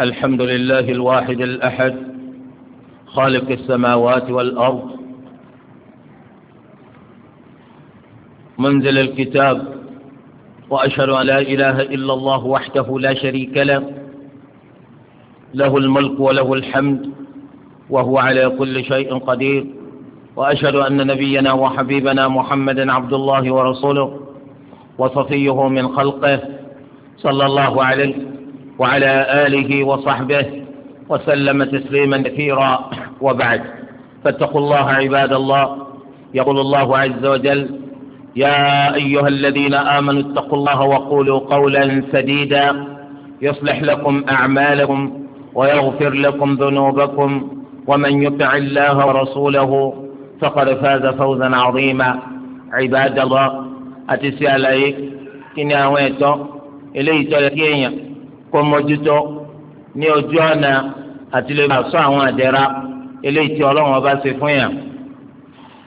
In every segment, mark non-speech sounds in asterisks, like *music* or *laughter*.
الحمد لله الواحد الأحد خالق السماوات والأرض منزل الكتاب وأشهد أن لا إله إلا الله وحده لا شريك له له الملك وله الحمد وهو على كل شيء قدير وأشهد أن نبينا وحبيبنا محمدا عبد الله ورسوله وصفيه من خلقه صلى الله عليه وعلى آله وصحبه وسلم تسليما كثيرا وبعد فاتقوا الله عباد الله يقول الله عز وجل يا أيها الذين آمنوا اتقوا الله وقولوا قولا سديدا يصلح لكم أعمالكم ويغفر لكم ذنوبكم ومن يطع الله ورسوله فقد فاز فوزا عظيما عباد الله أتسأل أيك كنا ويتو إليه تلكيين kó mójútó ní ojú ọ̀nà àti lè sọ àwọn àdẹ́ra eléyìí tí ọlọ́run ọba ṣe fún yàn.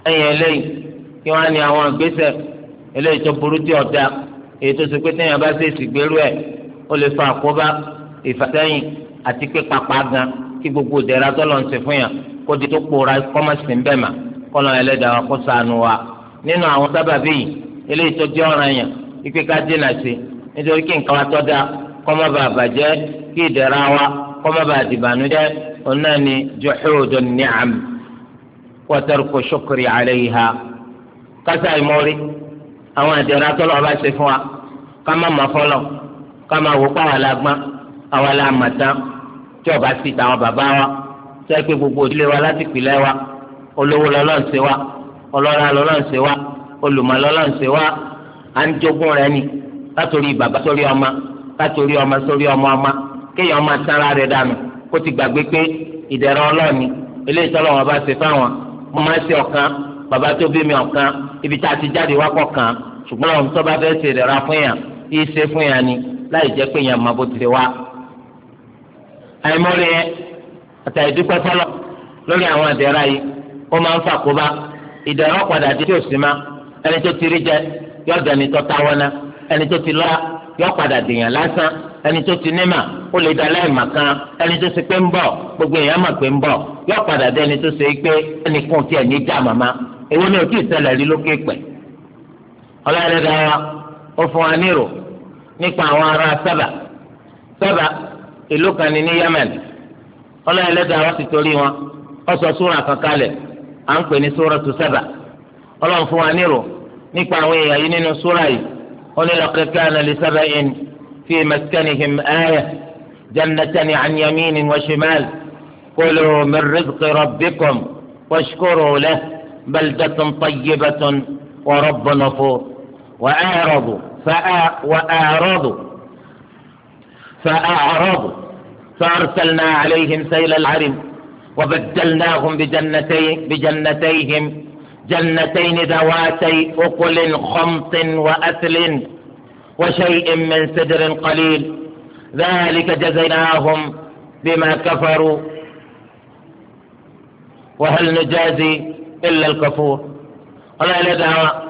ẹ̀yìn eléyìí kí wọ́n á ní àwọn ìgbésẹ̀ eléyìí tó burú tí ọ̀dà èyí tó ṣe pé téèyàn bá ṣe ìsìgbérú ẹ̀ ó lè fa àkóbá ìfàsẹ́yìn àti pípapá gan kí gbogbo ìdẹ̀ra tọ́lọ̀ ń ṣe fún yàn kó di tó pòórá kọ́mọ̀sì ń bẹ̀ mà kọ́lọ̀ ẹlẹ́dàá kó ṣàánú wa nínú àwọn sábàbí yìí eléyìí tó jẹ́ ọ̀ràn yàn ikú ká dínà da kọ́mọ́ bá bàjẹ́ kí ìdẹ̀ra wa kọ́mọ́ bá ọ̀nà ni juhudu ni'am wa tarku shukri kásá ìmọ̀rí àwọn ìdẹ̀ra tọ́lọ̀ ọba ṣe fún wa ma àwọn tí ọba sì tàwọn bàbá wa tẹ́ pé gbogbo ìdílé wa láti pìlẹ̀ wa olówó wa ọlọ́lá wa olùmọ̀ wa à ń jogún rẹ ni látòrí bàbá sórí láti orí ọmọ sórí ọmọ ọmọ kéèyàn máa tara rẹ̀ dànù kó ti gbàgbé pé ìdẹ̀rọ̀ ọlọ́ọ̀ni eléyìí tọ́lọ́ wọn bá ṣe fáwọn mo máa ṣe ọ̀kan bàbá tó bí mi ọ̀kan ibi tá a ti jáde wá kọ̀kan ṣùgbọ́n àwọn tó bá fẹ́ ṣe ìdẹ̀ra fún yàn yìí ṣe fún yàn ni láì jẹ́ pé yàn máa bó ti ma ẹni tó ti rí jẹ yọ yọ padà dèèyàn lásán ẹni tó ti ní mà ó lè da láìmà kan ẹni tó ṣe pé gbogbo èèyàn mà pé ń bọ̀ yọ padà dé ẹni tó ṣe pé ewu ní já màmá èwo ni òtí ìṣẹ̀lẹ̀ rí lókè pẹ̀. ọlọ́run dára ó fún wa nírò nípa àwọn ará Sábà Sábà ìlú kan ní ní Yemen ọlọ́run dára ti torí wọn ó sọ à ń pè ní Sábà ọlọ́run fún wa ولقد كان لسبأ في مسكنهم آية جنتان عن يمين وشمال كلوا من رزق ربكم واشكروا له بلدة طيبة ورب نفور وأعرضوا وأعرضوا فأعرضوا فأرسلنا عليهم سيل العرم وبدلناهم بجنتي بجنتيهم جنتين ذواتي أكل خمط وأثل وشيء من سدر قليل ذلك جزيناهم بما كفروا وهل نجازي إلا الكفور ولا لدعوة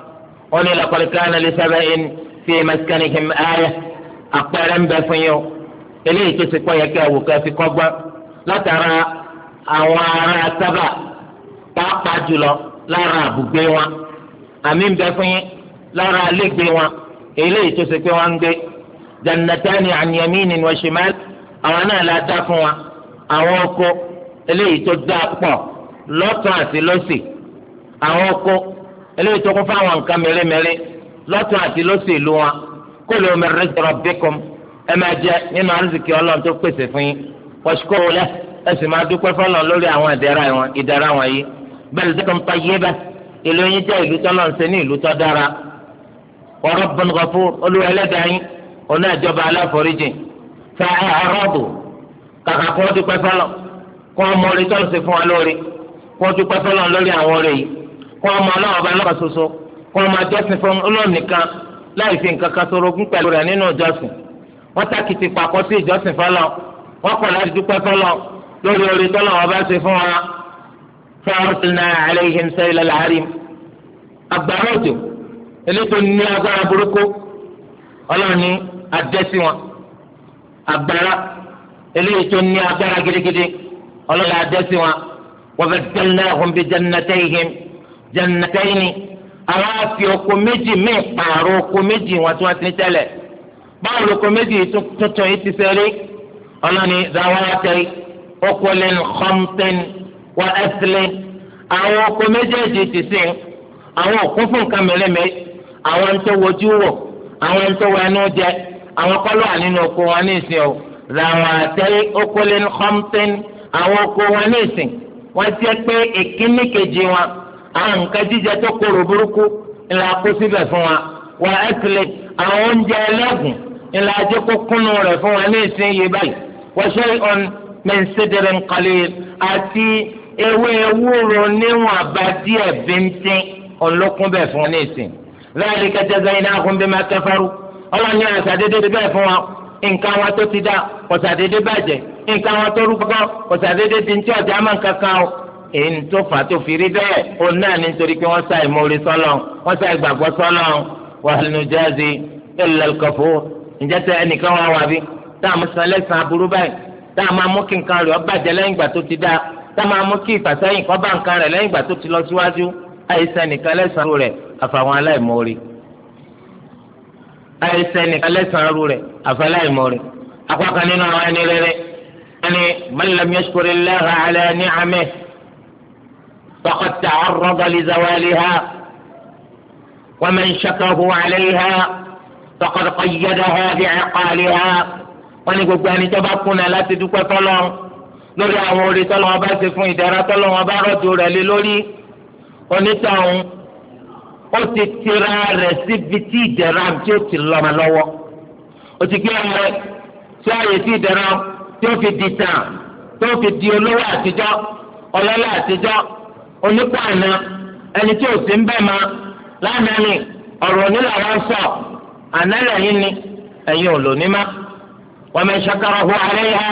قل لقد كان لسبأ في مسكنهم آية أقبل بفيو إليه تسقى يكاو كافي قبر لا ترى أو أرى سبأ تقطع جلو lára àbùgbé wọn àmì ń bẹ fún yín lára àlégbé wọn eléyìí tó ṣe pé wọn ń gbé jannatani an yaminin wa shimal àwọn náà la dá fún wa àwọn oko eléyìí tó dá pọ̀ lọ́tùn àti lósì àwọn oko eléyìí tó kún fáwọn nǹkan mèremère lọ́tùn àti lósì ìlú wa kulu min rizqi rabbikum ẹ máa jẹ nínú àrísìkí Ọlọ́run tó pèsè fún yín washkuru lahu ẹ sì máa dúpẹ́ fọ́lọ́run lórí àwọn ìdẹ̀ra wọn yìí. بلدة طيبة ìlú yín jẹ́ ìlú tọ́lọ́ ń ṣe ní ìlú tọ́ dára wa rabbun ghafur olúwa ẹlẹ́dàáyín ọ̀nà ìjọba aláforíjì fa àrọ́bù kàkà kó dúpẹ́ fọlọ́ kó ọmọ orí tọ́lọ́ ṣe fún wa lórí kó dúpẹ́ fọlọ́ lórí àwọn orí yìí kó ọmọ ọlọ́wọ́ bá lọ́kàn soso kó ọmọ ajọ́sìn fún olóòníkan láì fi nǹkan kan sorogún fọ́ọ̀rọ̀sìnà àlẹ́yìn sẹ́yìnlá làárín agbára òjò elétò ní agbára burúkú ọlọ́run ní adẹ́sí wọn agbára eléyìí tó ní agbára gidigidi ọlọ́run adẹ́sí wọn wọ́n fẹ́ jẹ́nà ọ̀hún bíi jannatayhim jannatayni àwọn afi oko méjì míì pààrọ̀ oko méjì wọn tí wọ́n ti ní tẹ́lẹ̀ báwo lóko méjì tuntun yìí ti sẹ́rí ọlọ́run ní zawatay ukulin khamtin wa ẹsìlẹ̀ àwọn oko méjèèjì ti sìn àwọn òkun fún nǹkan mẹlẹ́mẹ́ àwọn ń tó wojú wọ̀ àwọn ń tó wọ ẹnu jẹ àwọn kọ́lọ́ wà nínú oko wọn ní ìsìn o làwọn àtẹ́lẹ́ okòlẹ́ni khamtin àwọn oko wọn ní ìsìn wọ́n jẹ́ pé ìkíní kejì wọn àwọn nǹkan jíjẹ tó korò burúkú ńlá kó síbẹ̀ fún wa wà ẹsìlẹ̀ àwọn oúnjẹ ẹlẹ́gùn ńlá ajé kó kúnnú rẹ̀ fún wa ní ìsìn yìí báyìí wọ́n ṣe ọ̀n mẹ́ńsẹ̀dẹ̀rẹ̀ nǹkan lè àti ewé ewúro níwọ̀n abadí ẹ̀ bíntín ọlọ́kùn bẹ̀ fún nísìn láàrin kẹjẹ zẹyìn náà fún bí máa kẹfẹ́rú ọlọ́run ní àṣàdédé ti bẹ́ẹ̀ fún wa nǹkan wọn tó ti dá kọ̀ṣàdédé bàjẹ́ nǹkan wọn tó rúgbọ́ kọ̀ṣàdédé di ní ọ̀dà máa ń kankan o èyí tó fà tó fi rí bẹ́ẹ̀ òun náà ní nítorí pé wọ́n sá ìmọ̀ọ́rẹ́ sọ́lọ́ wọ́n sá ìgbàgbọ́ sọ́lọ́ wàhálà nùjáàzì illa al ǹjẹ́ tẹ ẹnìkan wá wà bí táà mú sanlẹ̀ san aburú báyìí táà máa mú kí nǹkan rẹ̀ ọ bàjẹ́ lẹ́yìn ìgbà tó ti dáa tá máa mú kí ìfàsẹ́yìn kọ́ bá nǹkan rẹ̀ lẹ́yìn ìgbà tó ti lọ síwájú àìsàn nìkan lẹ́sàn-án rẹ̀ àfàwọn aláìmoore àìsàn nìkan lẹ́sàn-án rẹ̀ àfàwọn aláìmoore akọ́kọ́ nínú àwọn ẹni rere ẹni malam yashkuri lẹ́hà alẹ́ ní amẹ́ fọkàtà ọ̀rọ̀gàlì zawali ha wàmẹ̀ nṣakahu alẹ́ ha fọkàtà kọ́yẹ́dà ha bí ẹ̀kọ́ alẹ́ ha wọ́n ní gbogbo lórí àwọn orí tọ́lọ́wọ́n bá ṣe fún ìdára tọ́lọ́wọ́n bá rọ́jò rẹ̀ lé lórí onítọ̀hún ó ti tira rẹ̀ síbi tí ìdẹ̀ra tí ó ti lọ́mọ lọ́wọ́ ó ti gbé rẹ̀ sí ààyè tí ìdẹ̀ra tí ó fi di tàn tó fi di olówó àtijọ́ ọlọ́lá àtijọ́ onípò àná ẹni tí ò sí ń bẹ̀ ma lánàá ni ọ̀rọ̀ ní làwọn sọ àná lẹ́yìn ni ẹ̀yin ò lò ní má wọ́n mẹ́ ṣakara hu àlẹ́ yá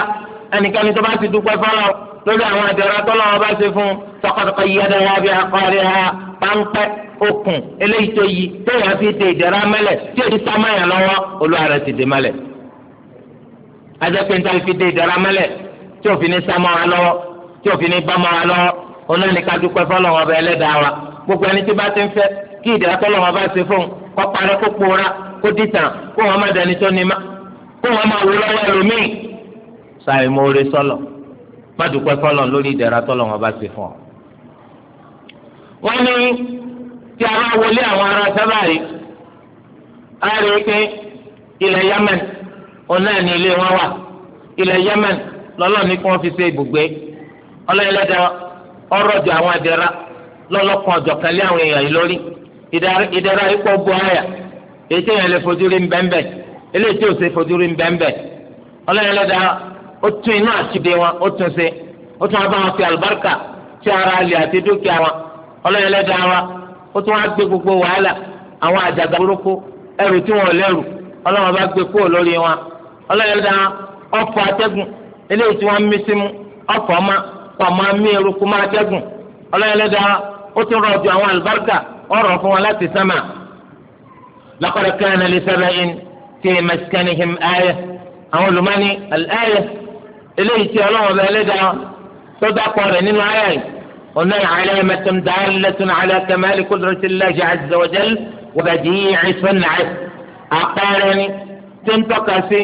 ẹnikẹ́ni tó bá ti dúpẹ́ fọlọ́ lórí àwọn àjọyọ̀ tọ́lọ́ wọn bá ṣe fún sọkọtọkọ yìí ẹ̀dá wọn bí akọ́rí ha páńpẹ́ okùn eléyìí tó yí téèyàn fi dé ìdẹ̀ra mẹ́lẹ̀ tí èyí sá mẹ́yàn lọ́wọ́ olúwa rẹ̀ ti dé mẹ́lẹ̀. ajẹ́pẹ́ntà fi dé ìdẹ̀ra mẹ́lẹ̀ tí òfin ní sá mọ́ra lọ́wọ́ tí òfin ní bá mọ́ra lọ́wọ́ onáni ká dúpẹ́ fọlọ́ wọn bá wa gbogbo ẹni tí bá ti ń fẹ́ kí ìdẹ̀ra tọ́lọ́ wọn bá ṣe fún kọ́ parẹ́ kó pòórá kó dìtàn kó wọn má dẹni tó ní má kó wọn má wúlọ́wọ́ ẹlòmíì ṣàìmoore sọlọ má dúpẹ́ fọlọ lórí ìdẹ̀ra tọlọ wọn bá ṣe fún ọ. wọ́n ní tí a bá wọlé àwọn ará sábà rí a rí i pé ilẹ̀ yemen òun náà ní ilé wọn wà ilẹ̀ yemen lọ́lọ́ ní kí wọ́n fi ṣe ibùgbé ọlọ́yẹlẹ́dẹ ọrọ̀jù àwọn ìdẹ̀ra lọ́lọ́kan ọ̀jọ̀kẹ́lẹ́ àwọn èèyàn yìí lórí ìdẹ̀ra ipò bu àyà èyí tí èèyàn lè fojú rí ń bẹ́ńbẹ́ eléyìí tí ò ó tún iná àtúndé wọn ó tún ṣe ó tún abá wọn fi àlùbáríkà tí ara alẹ àti dúkìá wọn ọlọ́yẹlẹ́dá wa ó tún wá gbé gbogbo wàhálà àwọn àjàgà burúkú ẹrù tí wọn ò lẹ́rù ọlọ́wọ́n bá gbé kúrò lórí wọn ọlọ́yẹlẹ́dá ọ̀fọ̀ atẹ́gùn eléyìí tí wọ́n mí sí mú ọ̀fọ̀ ọmọ pàmò àmì eruku máa tẹ́gùn ọlọ́yẹlẹ́dá ó tún rọ̀ ju àwọn àlùbáríkà ọ̀rọ̀ eléyìí tí ọlọ́wọ́ bẹ ẹlẹ́dàá tó dákọ̀ rẹ̀ nínú ayé yìí ọ̀nà àlẹ́mẹtẹ̀m dáhàlẹ́tún àlẹ́kẹ̀mẹ́lì kúndùrẹ́tì lẹ́jẹ̀ àzẹ̀wọ̀jẹ́l wọ̀bẹ̀dì ìṣẹ̀nàì àpẹẹrẹ ni tó ń tọ́ka sí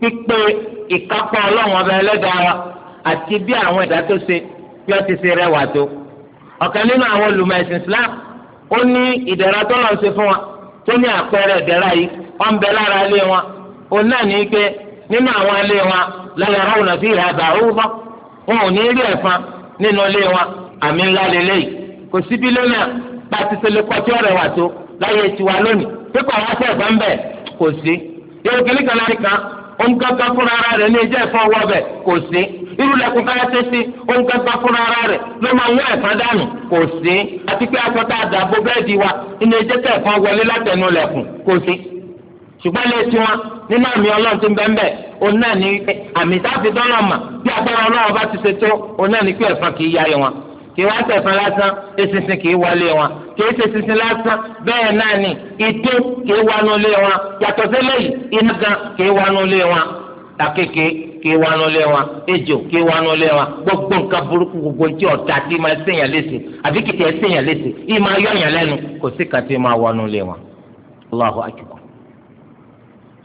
pípé ìkápá ọlọ́wọ́ bẹ ẹlẹ́dàá àti bí àwọn ẹ̀dá tó ṣe bí ó ti ṣe rẹwà tó ọ̀kan nínú àwọn olùmọ̀ Islam ó ní ìdẹ̀ra tó lọ́n nínú àwọn ilé wọn lọ́yà ráwùnà sí ìhà àbáwúfà wọn ò ní rí ẹ̀fọn nínú ilé wọn àmì ńlá lélẹ́yìí kò sí bílíọ̀nà bá ti ṣe lè kọ́ tí ọ̀rẹ́ wà tó láyé tiwa lónìí pípọ̀ wọn fẹ́ ẹ̀fọn bẹ́ẹ̀ kò sí yóò kí nìkan láti kan onkankan fúnra ara rẹ̀ ní ìjẹ́ ẹ̀fọn wọbẹ̀ kò sí irúlẹ̀kùn káyà tẹ́sí onkankan fúnra ara rẹ̀ ló máa wọ́n ẹ̀fọn dànù kò sí àti pé aṣọ tá a dàbò bẹ́ẹ̀ di wa ìní ìjẹ́ tẹ̀ ẹ̀fọn wọlé látẹnu lẹ̀kùn kò sí ṣùgbọ́n lè tí wọn nínú àmì ọlọ́run ti ń bẹ́ńbẹ́ òun náà ní àmì táfi dọ́là mà bí agbára ọlọ́run bá ti ṣe tó òun náà ní pé ẹ̀fọn kì í yáyọ wọn kì í wá sẹ̀fọn lásán eṣinṣin kì í wọlé wọn kì í ṣe ṣinṣin lásán bẹ́ẹ̀ náà ni ìdó kì í wọnú ilé wọn yàtọ̀ sí lẹ́yìn iná gan kì í wọnú ilé wọn takeke kì í wọnú ilé wọn ejò kì í wọnú ilé wọn gbogbo nǹkan burúkú gbogbo tí ọ̀tá tí máa ṣèyàn léṣe àbí kìtì ẹ̀ ṣèyàn ìmọ̀ ayọ̀yàn lẹ́nu kò sí kàtí máa wọnú ilé wọn. Allahu akbar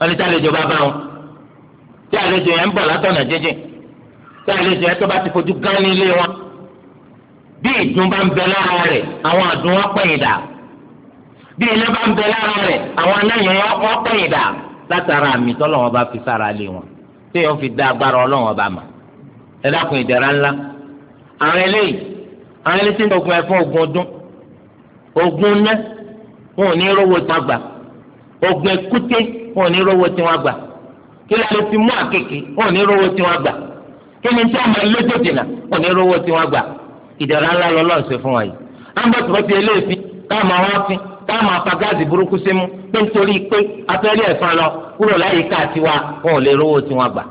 wọ́n ní tí àlejò bá bá wọn tí àlejò yẹn ń bọ̀ látọ̀nà jẹ́jẹ́ tí àlejò yẹn tó bá ti fojú gán ní ilé wọn bí ìdun bá ń bẹ lára rẹ̀ àwọn àdùn wọn pẹ̀yìn dà bí iná bá ń bẹ lára rẹ̀ àwọn anáyàn wọn pẹ̀yìn dà látara àmì tọ́lọ́wọ́n bá fi sára lé wọn téèyàn fi dá agbára ọlọ́wọ́n bá mà ẹ dákun ìdẹ̀ra ńlá àwọn eléyìí àwọn eléyìí tí ń ogun ẹ̀fọ́ ogun ọdún ogun ná wọn ò rówó tó ogun ẹkúté wọn ò ní rówó tí wọ́n gbà kí ló ti mú àkèké wọn ò ní rówó tí wọ́n gbà kí ni tí wọ́n máa lójó dènà wọn ò ní rówó tí wọ́n gbà ìdẹ̀ra ńlá ṣe fún wa yìí ti àwọn burúkú sí pé nítorí pé afẹ́rí lọ kúrò wọn ò lè rówó tí wọ́n gbà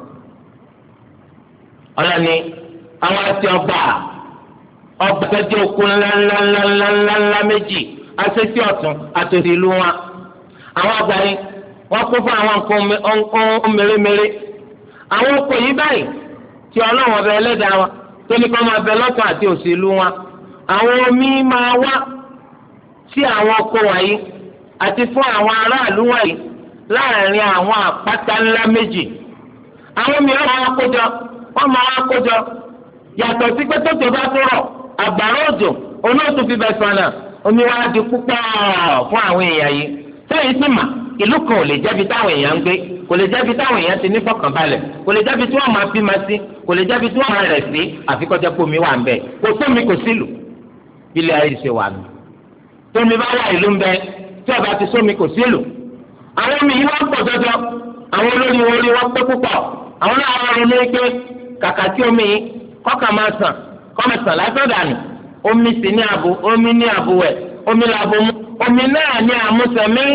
ọlọ́ni àwọn àti ọgbà ọgbà tẹ́tí okun ńláńláńláńláńlá méjì ọ̀tún àtòsí ìlú wọ́n kó fún àwọn nǹkan mèremère àwọn oko yìí báyìí tí ọlọ́run ọbẹ̀ ẹlẹ́dàá wa tó ní kọ́ máa bẹ lọ́tọ̀ àti òṣèlú wa àwọn omi máa wá sí àwọn oko wọ̀nyí àti fún àwọn aráàlú wọ̀nyí láàrin àwọn àpáta ńlá méjì àwọn mìíràn máa kójọ wọ́n máa kójọ yàtọ̀ sí pé tó tó bá tó rọ̀ àgbàrá òjò olóòtú fi bẹ̀ sọ̀nà omi wa di púpọ̀ fún àwọn èèyàn yìí sẹ́yìn sì mà. ìlú kan ò lè jẹ́bi táwọn èèyàn ń gbé kò lè jẹ́bi táwọn èèyàn ti ní fọkànbalẹ̀ kò lè jẹ́bi tí wọ́n máa bímọ sí kò lè jẹ́bi tí wọ́n máa rẹ̀ sí àfikọ́jẹ́ pómi wà ń bẹ̀ kò sómi kò sílù bílẹ̀ ayé ṣe wà mí. tómi bá wà ìlú ń bẹ tí ọba ti sómi kò sílù. àwọn omi yìí wọ́n pọ̀ jọjọ àwọn olórí wọn rí pé púpọ̀ àwọn náà wọ́n ronú pé kàkà tí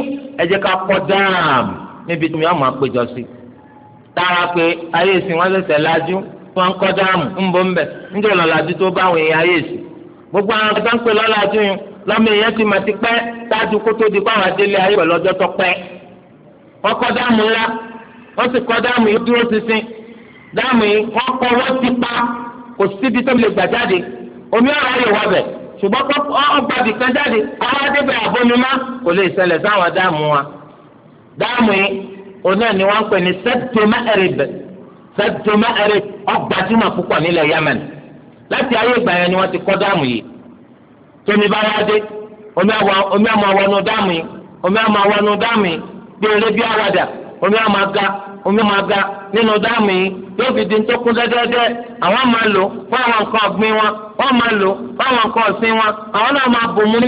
omi ẹ jẹ́ ká kọ́ dáàm níbi tí mi ọmọ àpéjọ sí tára pé aye ìsìn wọn ṣẹ̀ṣẹ̀ lajú wọn kọ́ dáàmù ń bọ́ mbẹ, bẹ̀ níjọ́ lọ́làjú tó bá àwọn èèyàn gbogbo àwọn ọ̀gá ń pè lọ́làjú yìí lọ́mọ èèyàn ti mà ti pẹ́ dájú kó tó di àwọn adélé ayé pẹ̀lú ọjọ́ tó pẹ́ wọ́n dáàmù ńlá wọ́n sì dáàmù yìí dúró dáàmù yìí wọ́n wọ́n ti pa kò síbi tó ṣùgbọ́n ọgbà bìkan jáde àwọn adébẹ̀ àbọ̀mímá kò lè ṣẹlẹ̀ sáwọn dáàmú wa dáàmú yìí òun náà ni pè ní sẹ́tọ́mà ẹ̀rẹ̀bẹ̀ sẹ́tọ́mà ẹ̀rẹ̀ ọgbà tí mà púpọ̀ nílẹ̀ Yemen láti ayé ìgbà yẹn ni wọ́n ti kọ́ dáàmú yìí tómi bá wá dé omi àmọ́ wọnú dáàmú yìí omi àmọ́ dáàmú yìí bí bí àwàdà omi omi máa ga nínú dáàmù yìí yóò fi di tó kún dẹ́dẹ́dẹ́ àwọn máa lò fún àwọn nǹkan ọ̀gbìn wọn wọ́n máa lò fún àwọn nǹkan ọ̀sìn wọn àwọn náà máa bò mú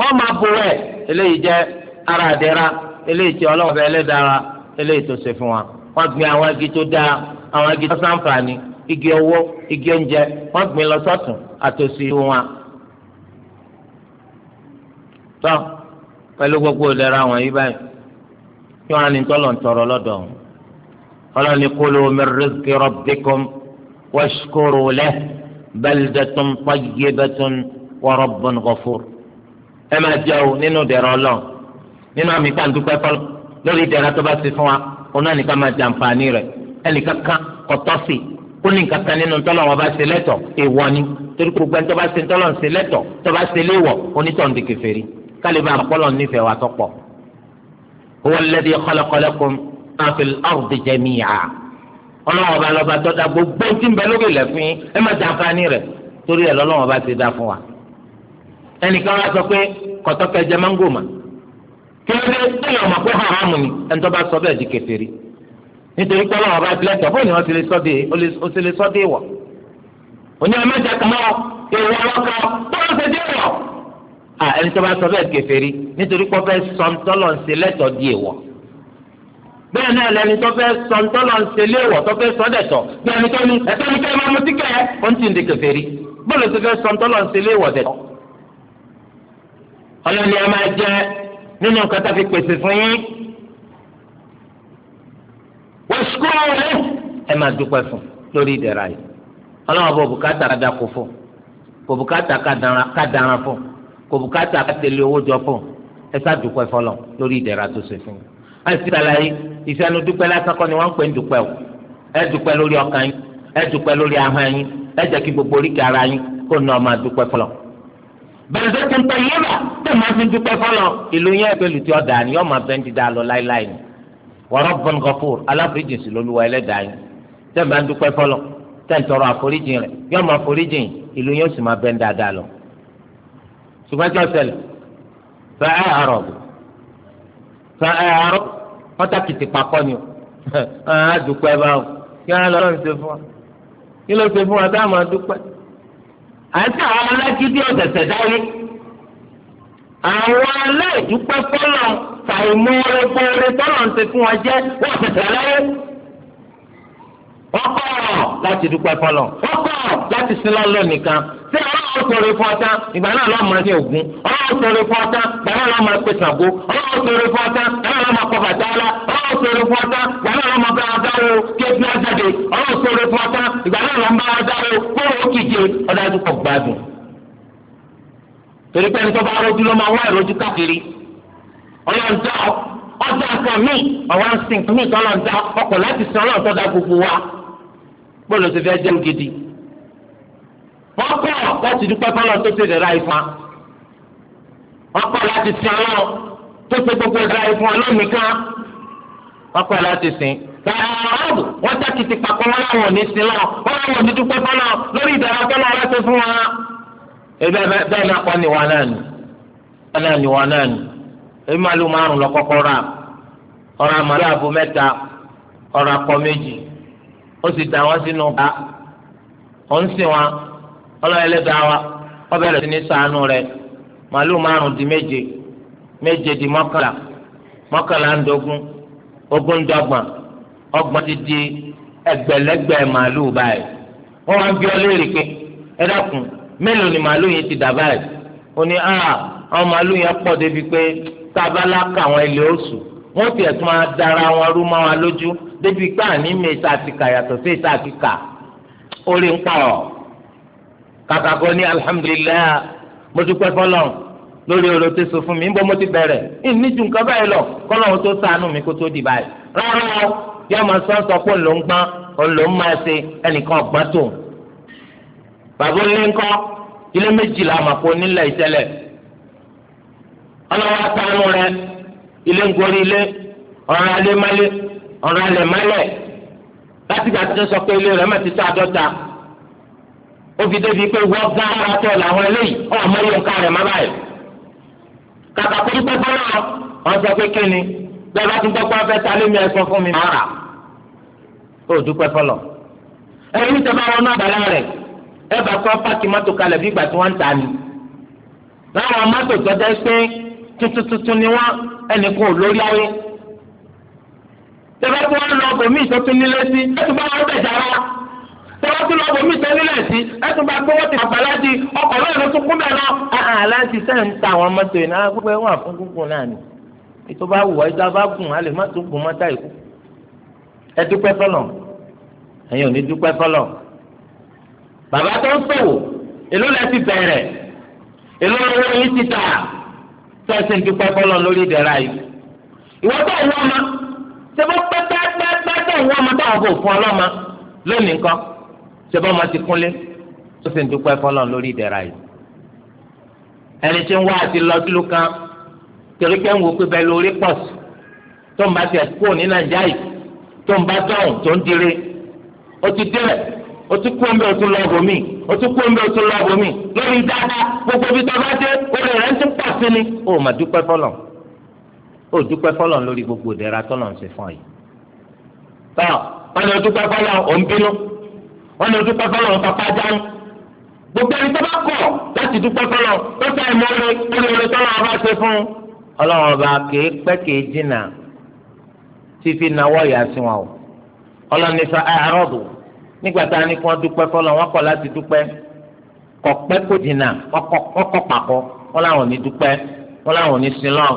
wọ́n máa bò rẹ̀ eléyìí jẹ́ ara àdẹ́ra eléyìí tí ọlọ́wọ́ bẹ ẹlẹ́dàá eléyìí tó ṣe fún wa wọ́n igi tó igi tó igi igi oúnjẹ wọ́n gbin lọ sọ́tún wọn. tọ́ gbogbo ìlera wọn yí báyìí kí wọ́n á ní ọlọ́ni kulu min rizqi rabbikum washkuru lahu baldatun tayyibatun wa rabbun ghafur. ẹ máa jẹun nínú dẹ̀rọ lọ nínú àmì pàǹdùkọ́ ẹ̀fọ́ lórí dẹ̀rọ tó bá ti fún wa òun náà nìkan máa jàǹfààní rẹ̀ ẹnìkankan kọ̀tọ́sì ó ní kankan nínú tọ́lọ̀ wọn bá ṣe lẹ́tọ̀ èèwọ̀ ni torí gbogbo ẹni tó bá ṣe tọ́lọ̀ ń ṣe lẹ́tọ̀ tó bá ṣe léèwọ̀ onítọ̀hún di kèfèrí kálíbà àpọ́lọ̀ nífẹ̀ẹ́ wa tọ́pọ̀. huwa alladhi khalaqa lakum máa fi ọ̀rùn jẹ̀mí à ọlọ́run ọba lọ́ba tọ́da gbogbo tí ń bẹ lórí ilẹ̀ fún yín ẹ má jàǹfààní rẹ̀ torí ẹ̀ lọ́lọ́run ọba ti dá fún wa. ẹnìkan wá sọ pé kọ̀tọ́kẹ́ jẹ máńgò mà kí ló dé ẹ̀yàn ọmọ pé ni ẹni tó bá sọ bẹ́ẹ̀ di kèfèrí nítorí pé ọlọ́run ọba ti lẹ́tọ̀ fún ìyẹn ó ti lè sọ́ dé wọ̀ òní ẹ má jẹ kàmọ́ ìwọ ọlọ́kọ tó dé wọ̀ ẹni tó bá sọ bẹ́ẹ̀ kèfèrí nítorí pé ọ bẹ́ẹ̀ náà lẹni tó fẹ́ sọ ntọ́lọ̀ ńṣẹlẹ̀ wọ̀ tó fẹ́ sọ dẹ̀tọ̀ bẹ́ẹ̀ ni tó ní ẹ̀tọ́ ní kẹ́ ẹ máa mú tíkẹ́ ó ń ti ń di kèfèrí bọ́ọ̀lù tó fẹ́ sọ ntọ́lọ̀ ńṣẹlẹ̀ wọ̀ dẹ̀tọ̀. ọlọ́ni ẹ máa jẹ nínú nǹkan tá a fi pèsè fún yín wọ́ṣukúrò rẹ̀ ẹ máa dúpẹ́ fún lórí ìdẹ̀ra yìí ọlọ́wọ́ bọ̀ bùkátà ká dáko fún kò bùkátà fún kò bùkátà owó jọ fún ẹ sá dúpẹ́ fọlọ́ lórí ìdẹ̀ra tó ṣe fún yín. àìsí ìdàlàyé ìsẹnu dúpẹ́ lásán kọ́ ni wọ́n ń pè ń dúpẹ́ o ẹ dúpẹ́ lórí ọkàn yín ẹ dúpẹ́ lórí ahọ́n yín ẹ jẹ́ kí gbogbo oríkì ara yín kó nà ọmọ dúpẹ́ fọlọ. bẹ̀rẹ̀ tó ti ń pẹ́ yé bà tó máa fi dúpẹ́ fọlọ ìlú yẹn pẹ̀lú tí ọ̀dà ni yọ́ọ́ máa bẹ́ẹ̀ dídá lọ láíláí ni wa rabbun ghafur aláforíjì sí lolúwa ẹlẹ́dàá yín tẹ́ máa dúpẹ́ fọlọ tẹ́ ń tọrọ àforíjì rẹ̀ yọ́ọ́ máa foríjì ìlú yẹn sì máa bẹ́ẹ̀ dáadáa lọ. ṣùgbọ́n tí wọ́n sẹlẹ̀ fẹ́ ẹ̀ àrọ̀ fẹ́ ẹ̀ àrọ̀ wọ́n tàkìtì pakọ́ ni o àwọn *laughs* àdùpẹ́ ah, bá o kí wọ́n lọ́ọ́ ṣe fún wa kí ló ṣe fún wa táwọn àdùpẹ́. àti àwọn alágídí ọ̀sẹ̀sẹ̀ dáyé àwọn aláìdúpẹ́ fọ́lọ̀ tàìmọ́ọ́rẹ́ fọ́ọ́rẹ́ tọ́lọ̀ ń ṣe fún wa jẹ́ wọ́n ṣẹ̀ṣẹ̀ láyé. wọ́n kọ́ láti dúpẹ́ fọ́lọ̀ wọ́n kọ́ láti sin lọ́lọ́ nìkan tí ọlọ́run sọ̀rọ̀ fún ọtá ìgbà náà lọ́ọ́ máa ṣe ògún ọlọ́run sọ̀rọ̀ fún ọtá ìgbà náà lọ́ọ́ máa pèsè àgbo ọlọ́run sọ̀rọ̀ fún ọtá ìgbà náà lọ́ọ́ máa Ọbàtálá ọlọ́run sọ̀rọ̀ fún ọtá ìgbà náà lọ́mọ bá wa dáwọ́ kéèpì ọ̀jáde ọlọ́run sọ̀rọ̀ fún ọtá ìgbà náà lọ́mọ bá wa dáwọ́ kóró òkìkè ọ̀dájú kọ̀ gbádùn. torí pé ẹni tó bá rọ́jú ló máa wá ìrọ́jú káàkiri ọlọ́run dá ọjà nǹkan míì ọ̀wá ń sin nǹkan míì tọ́lọ́run dá ọkọ̀ láti sin ọlọ́run tó dá gbogbo wa bóòlù ti fẹ́ jẹun gidi wọ́n kọ́ láti dúpẹ́ fọlọ́ tó ṣe lè ra ìfọn wọ́n kọ́ láti sin ọlọ́run tó ṣe gbogbo dáre fún ọlọ́ọ̀nì kan wọ́n pẹ́ láti sìn. Bàbáàbò wọ́n jákìtì pàpọ̀ wọn láwọn sin lọ, wọ́n láwọn ò dúpẹ́ fọ́lọ́ lórí ìdára fọ́lọ́ aláṣẹ fún Ebi bẹ́ẹ̀ niwa náà nù, náà niwa náà nù. Ebi màálù márùn lọ kọ́kọ́ rà, ọ̀rọ̀ àmàlà àbò mẹ́ta, ọ̀rọ̀ akọ méjì. Ó sì dà wọ́n sínú Ó ń sìn wa, ní rẹ̀. márùn di méje di mọ́kànlá mọ́kànlá ń dogun ogún ń dọ́gbọ̀n ọgbọ̀n ti di ẹgbẹ̀lẹ́gbẹ̀ màálù báyìí wọ́n máa ń bí ọ léèrè pé ẹ dákun mélòó ni màálù yẹn ti dà báyìí ó ní a àwọn màálù yẹn pọ̀ débi pé tábàlà kà àwọn ilé oṣù wọ́n ti ẹ̀tún máa dara wọn rú mọ́ wa lójú débi pé àní mi ìta ti kà yàtọ̀ sí ìta ti kà ó rí ń pa ọ́ ní alihamudulilayi mo dúpẹ́ fọlọ́run lórí ọ̀rọ̀ tó so fún mi ń bọ́ mo ti bẹ̀rẹ̀ ń ní ju nǹkan báyìí lọ kọ́lọ́hún tó sànù mi kó tó di báyìí rárá o yóò máa sọ sọ pé òun gbọ́n òun máa ṣe ẹnìkan ọ̀gbọ́n tó. bàbá olè ńkọ ilé méjìlá àmàpọ̀ nílẹ̀ ìtẹ́lẹ̀ ọlọ́wọ́ àtàánú rẹ ilé ń gorí ilé ọ̀rọ̀ alẹ́ mẹ́lẹ́ ọ̀rọ̀ alẹ́ mẹ́lẹ̀ láti gbà tó sọ pé ilé rẹ̀ kàkà kó dúpẹ́ fọlọ́ wọn sọ pé kí ni bẹ́ẹ̀ bá ti gbọ́ pé ọfẹ́ ta lémi ẹ̀sán fún mi màá rà ó dúpẹ́ fọlọ́ ẹ̀rí ní tẹ́lẹ̀ wọn náà bàlá rẹ̀ ẹ bá kọ́ pàkì mọ́tò kalẹ̀ bí ìgbà tí wọ́n ń ta ni láwọn mọ́tò tọ́jà pé tuntun tuntun ni wọ́n ẹnìkan ò lórí ayé tẹ́lẹ̀ tí wọ́n lọ bòmí ìtọ́tún nílé sí ẹ tọ́wọ́ tó lọ́wọ́ mi tẹ́lẹ̀ lẹ̀ sí ẹ̀tún bá gbọ́wọ́ ti bàbá láti ọkọ̀ náà ló tún kún bẹ́ẹ̀ náà. àhàn ah, ah, láti sẹ́ẹ̀ ń ta àwọn mọ́tò yìí náà gbogbo ẹ̀wọ̀n fún gúngun náà ni ètò bá wù ọ́ ètò bá gùn á lè má tún gùn mọ́tà ìkú. ẹ dúpẹ́ fọlọ̀ ẹ̀yin ò ní dúpẹ́ fọlọ̀. bàbá tó ń sòwò èló lẹ ti bẹ̀rẹ̀ èló lọ́wọ́ yín ti tà sẹ́sẹ̀ ń dúpẹ́ fọlọ̀ lórí ìdẹ̀ra yìí. ìwọ́pọ̀ ìwọ́n ma ṣẹbọ́ ma ti kúnlé tó sì ń dúpẹ́ fọlọ́n lórí ìdẹ̀ra yìí ẹni tí ń wá àti lọ sílùú kan torí pé ń wo pé bẹ́ẹ̀ lórí pọ̀ sí tó ń bá tiẹ̀ kúrò ní nàìjíríà yìí tó ń bá dáhùn tó ń dire ó ti délẹ̀ ó ti kú omi ó ti lọ bòmí ó ti kú omi ó ti lọ bòmí lórí dáadáa gbogbo ibi tó bá dé orí rẹ̀ ń ti pọ̀ sí ni ó mà dúpẹ́ fọlọ́n ó dúpẹ́ fọlọ́n lórí gbogbo ìdẹ̀ra tọ́lọ̀ ń wọn lè dúpẹ́ fọlọ́ pápá jáwé gbogbo ẹni tó bá kọ̀ láti dúpẹ́ fọlọ́ tó fẹ́ mọ orí orí orí tọ́lọ́ ọba ṣe fún un. ọlọ́run ọba kìí pẹ́ kìí jìnnà tí fi nawọ́ ìyá sí wọn o ọlọ́run ní sọ àárọ̀dù nígbà tá a ní kí wọ́n dúpẹ́ fọlọ́ wọn kọ̀ láti dúpẹ́ kọ̀ pẹ́ kò jìnnà ọkọ̀ pàkọ́ wọn làwọn ò ní dúpẹ́ wọn làwọn ò ní sin lọ́n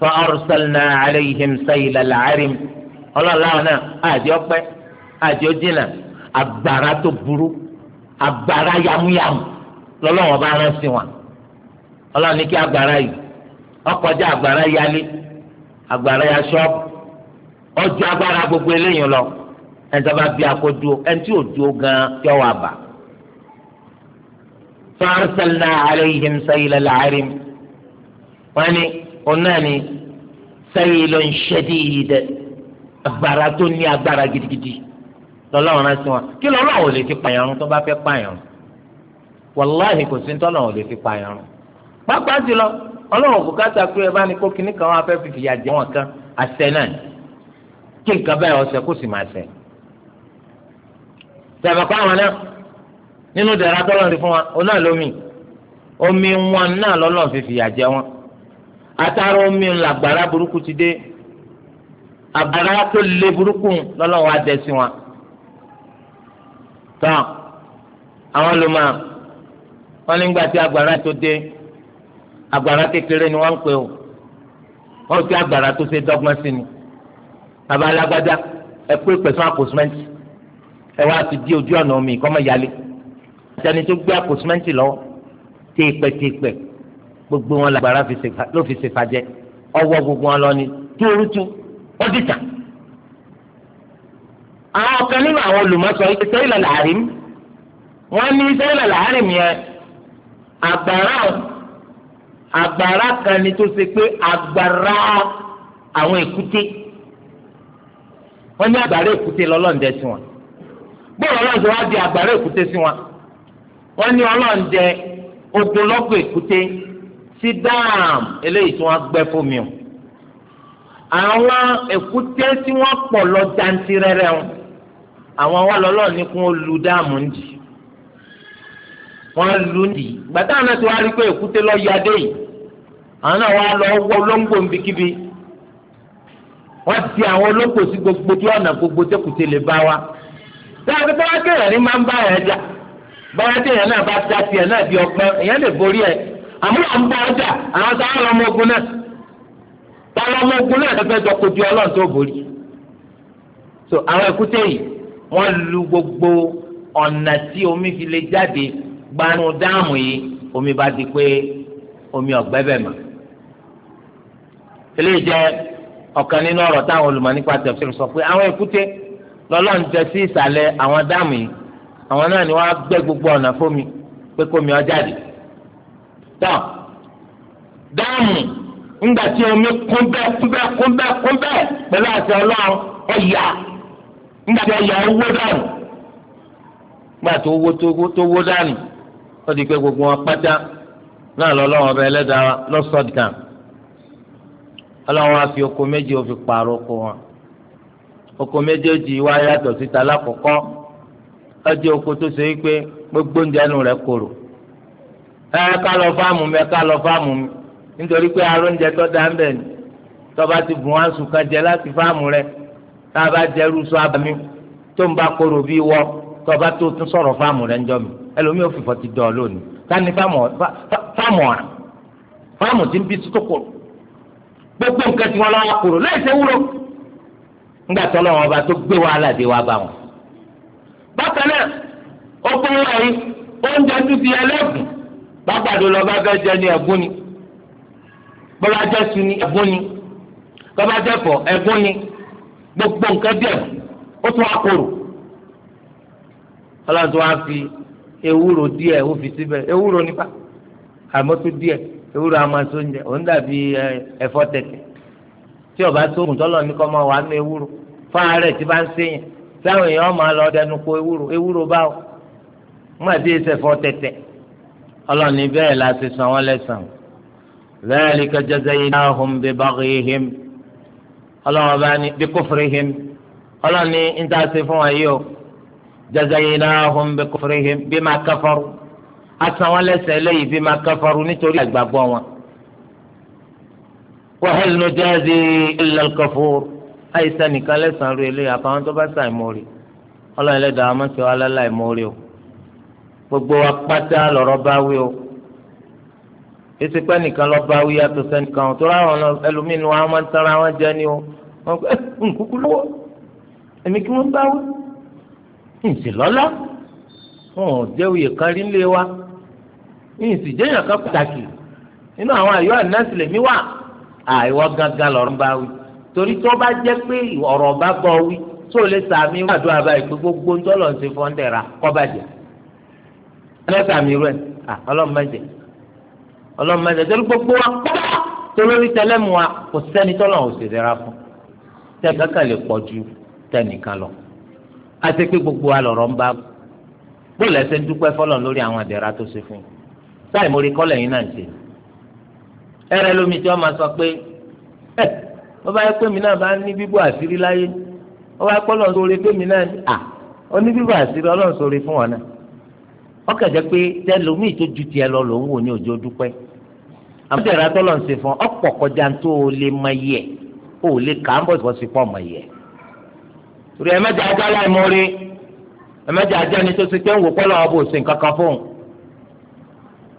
fa arsalna alayhim sayla al-arim ọlọ́run láwọn náà àjọ pẹ́ àjọ jìnnà agbara tó burú agbara yamuyamu lọ́lọ́wọ́ bá rán sí wọn ọla ní kí yi yìí ọkọjá agbara yálé agbara ya ọ ọjọ́ agbara gbogbo eléyìí lọ ẹni bá bí akojú ẹni tí gan yọ wà bá. fàrṣẹ́lá àlẹ́yìn sẹ́yìnlẹ̀ wọn ni ń yìí dẹ agbara tó ní agbara gidigidi. lọ́lọ́run rán sí wọn kí lọ́lọ́run ò lè fi pààyàn rún tó bá fẹ́ pààyàn rún wàláhì kò sí tọ́lọ́run ò lè fi pààyàn rún pápá jùlọ ọlọ́run kò káta pé ẹ bá ní kó kinní kan wá fẹ́ fi fìyà jẹ wọn kan àṣẹ náà kí nǹkan bẹ́ẹ̀ ọ̀sẹ̀ kó sì máa ṣẹ. tẹ̀mẹ̀kọ́ àwọn náà nínú dẹ̀ra tọ́lọ́run rí fún wa ọ̀nà lómi omi wọn náà lọ́lọ́run fi fìyà jẹ wọn atara omi làgbára burúkú ti dé àgbára tó le burúkú lọ́lọ́run wá dẹ sí wọn tán àwọn ló máa wọn nígbà tí agbára tó dé agbára kékeré ni wọn ń pè o wọn ti agbára tó ṣe dọ́gbọ́n sí ni bàbá alágbádá ẹ pé pẹ̀sán àpò símẹ́ǹtì ẹ wá ti di ojú ọ̀nà omi kọ́ mọ̀ yálé àtẹni tó gbé àpò símẹ́ǹtì lọ́wọ́ tèèpẹ̀ tèèpẹ̀ gbogbo wọn làgbára ló fi ṣèfàjẹ ọwọ́ gbogbo wọn lọ ni túrútú ó dìtà àwọn kan nínú àwọn olùmọ̀sọ ìṣe ìlà làárín wọ́n ní ìṣe ìlà làárín yẹn àgbàrá àgbàrá kan ni tó ṣe pé àgbàrá àwọn èkúté wọ́n ní àgbàrá èkúté lọ́lọ́ǹdẹ sí wọn bóòlù ọlọ́ǹdẹ wá di àgbàrá èkúté sí wọn wọ́n ní ọlọ́ǹdẹ ogunlọ́gọ̀ èkúté sí dáàm eléyìí tí wọ́n gbẹ́ fún mi o àwọn èkúté tí wọ́n pọ̀ lọ jantirẹrẹ wọn àwọn wa lọ́lọ́ ní kún ó lu dáàmù ń dì wọ́n lu ń dì gbàtà náà ti wá rí pé èkúté lọ́ọ́ ya dé yìí àwọn náà wá lọ wọ olóńgbò nbikíbi wọ́n ti àwọn olóńgbò sí gbogbo tí ọ̀nà gbogbo tẹ́kùté lè bá wa táwọn akẹ́kọ̀ọ́ wa kéèyàn ní máa ń bá ẹ̀ jà báwa téèyàn náà bá ta tiẹ̀ náà di ọgbọ́n èèyàn lè borí ẹ̀ àmọ́ à ń bá ọjà àwọn táwọn ọmọ ogun náà táwọn ọmọ ogun náà lọ́fẹ́ jọ kojú ọlọ́run tó borí so àwọn èkúté yìí wọ́n lu gbogbo ọ̀nà tí omi fi lè jáde gbanú dáàmù yìí omi bá di pé omi ọ̀gbẹ́ bẹ̀ mọ́. eléyìí jẹ́ ọ̀kan nínú ọ̀rọ̀ táwọn olùmọ̀ nípa tẹ̀síìrì sọ pé àwọn èkúté lọ́lọ́run tẹ sí ìsàlẹ̀ àwọn dáàmù yìí àwọn náà ni wọ́n á gbẹ́ gbogbo ọ̀nà fómi pé kómi ó jáde. tọ́ dáàmù ńgbà tí omi kún bẹ́ẹ̀ kún bẹ́ẹ̀ kún bẹ́ẹ̀ kún bẹ́ẹ̀ pẹ̀lú àṣẹ ọlọ́run ọ̀yà nígbà yọ owó dànù tó owó tó dànù gbogbo wọn pátá náà lọ́lọ́wọ́ ọba ẹlẹ́dàá lọ́sọ̀dà ọlọ́wọ́ á fi oko méjì ó pààrọ̀ oko wọn oko méjèèjì wá yàtọ̀ síta lákòókò ọjọ́ oko tó ṣe wípé gbogbo oúnjẹ rẹ̀ ẹ ká lọ fáàmù mi ẹ ká lọ fáàmù mi nítorí pé arúnjẹ tó dá ń bẹ̀ ni tọ́ba ti bùn wá sùn kan jẹ láti tá a bá jẹ́rú sọ abami tó ń bá kóró bí wọ́ tó a bá tó tún sọ̀rọ̀ fáàmù rẹ̀ ń jọ mi ẹlòmíì ò fìfọ́ ti dọ̀ ọ́ lónìí tani fáàmù ọ̀ràn fáàmù ti ń bí tó kóró gbogbo nǹkan tí wọ́n lọ́wọ́ kóró lẹ́sẹ̀ wúlò ńgbà tó lọ́wọ́ ọba tó gbé wàhálà dé wá bá wọn. bákan náà ó pé wọ́n rí oúnjẹ tó ti ẹlẹ́gùn bàbàdo lọ́ba fẹ́ jẹ ní ẹ̀gún ni bọ́lá jẹ́ su ní ẹ̀gún ni bọ́lá jẹ́ fọ̀ ẹ̀gún ni gbogbo nǹkan díẹ̀ ó tún akoro ọlọ́run tó wá fi ewúro díẹ̀ ó fi síbẹ̀ ewúro nípa àmọ́tó díẹ̀ ewúro amaso ń jẹ òun dàbí ẹ̀fọ́ tẹ̀tẹ̀ tí ọba sóògùn tọ́lọ̀ ní kọ́ máa wà nínú ewúro fáárẹ̀ tí bá ń séyìn táwọn èèyàn máa lọ dẹnu ko ewúro ewúro báwo má ti ẹsẹ̀ fọ́ tẹ̀tẹ̀ ọlọ́run bẹ́ẹ̀ la ti san wọ́n lẹ́sàn-án zalika jazaynahum bi baghihim ọlọ́run ọba ni bí kufrihim ọlọ́run ní ń tà sí fún wa yìí o jazaynahum bí kufrihim bima kafaru asan wọn lẹ́sẹ̀ eléyìí bima kafaru nítorí àgbàgbọ́ wọn. wa hal nujazi illa al-kafur nìkan lẹ́sàn-án rú eléyìí àfàwọn tó bá sàn ìmọ̀ọ́rì ọlọ́run ẹlẹ́dàá ọmọ sí wa lálá ìmọ̀ọ́rì o gbogbo wa pátá lọ́rọ̀ bá wí o èsì pẹ́ nìkan lọ́ bá wí sẹ́nìkan tó ráwọn ẹlòmínú wa máa ń tara wọn jẹ ní o wọn kọ ẹ nkúkú lówó èmi kí wọn bá wọ ǹsì lọ́lá wọn ò jẹ́ oyè kárí ńlẹ̀ wa ǹsì jẹ́yàn ká pàtàkì nínú àwọn àyọ àdínásì lèmi wà àìwọ gángan lọ́rọ̀ ń bá wí torí tó bá jẹ́ pé ọ̀rọ̀ bá bọ̀ wí tó lè sàmì wà dùn àbá ìpè gbogbo ń tọ́lọ̀ ń ṣe fọ́ńdẹ̀ra kọ́ bàjẹ́ ẹ sàmì rẹ̀ ọlọ́run mẹ́jẹ̀ ọlọ́run mẹ́jẹ̀ torí gbogbo wa pátá torí tẹlẹ́mu wa kò sẹ́ni tọ́lọ̀ ò sì dẹ́ra fún un tẹ̀kankan lè pọ̀ ju tẹnìkan lọ àti pé gbogbo alọ̀rọ̀ ń bá bóòlù ẹsẹ̀ ń dúpẹ́ fọlọ́ lórí àwọn àdẹ̀rà tó ṣe fún un táì mórí kọ́lẹ̀ yín náà ń ṣe ẹrẹ lómi tí wọ́n máa sọ pé ẹ wọ́n bá yẹ pé mi náà bá ní bíbú àṣírí láyé wọ́n bá pọ́ lọ́n sóore pé mi náà à oní bíbú àṣírí ọlọ́run sóore fún wọn náà wọ́n kẹ̀jẹ́ pé tẹlomi tó ju tiẹ̀ lọ lòun wò ní òjò dúpẹ́ àmọ́ àdẹ̀rà tọ́lọ́ ń ṣe fún ọ o lè kà á ń bọ̀ ìfọ̀sí pọ̀ mọ̀ yẹ. torí ẹ mẹ́jọ ajá láì mọ rí ẹ mẹ́jọ ajá ni tó ti pé ń wò pọ́lọ́ ọ̀bù òsì nǹkan kan fóun.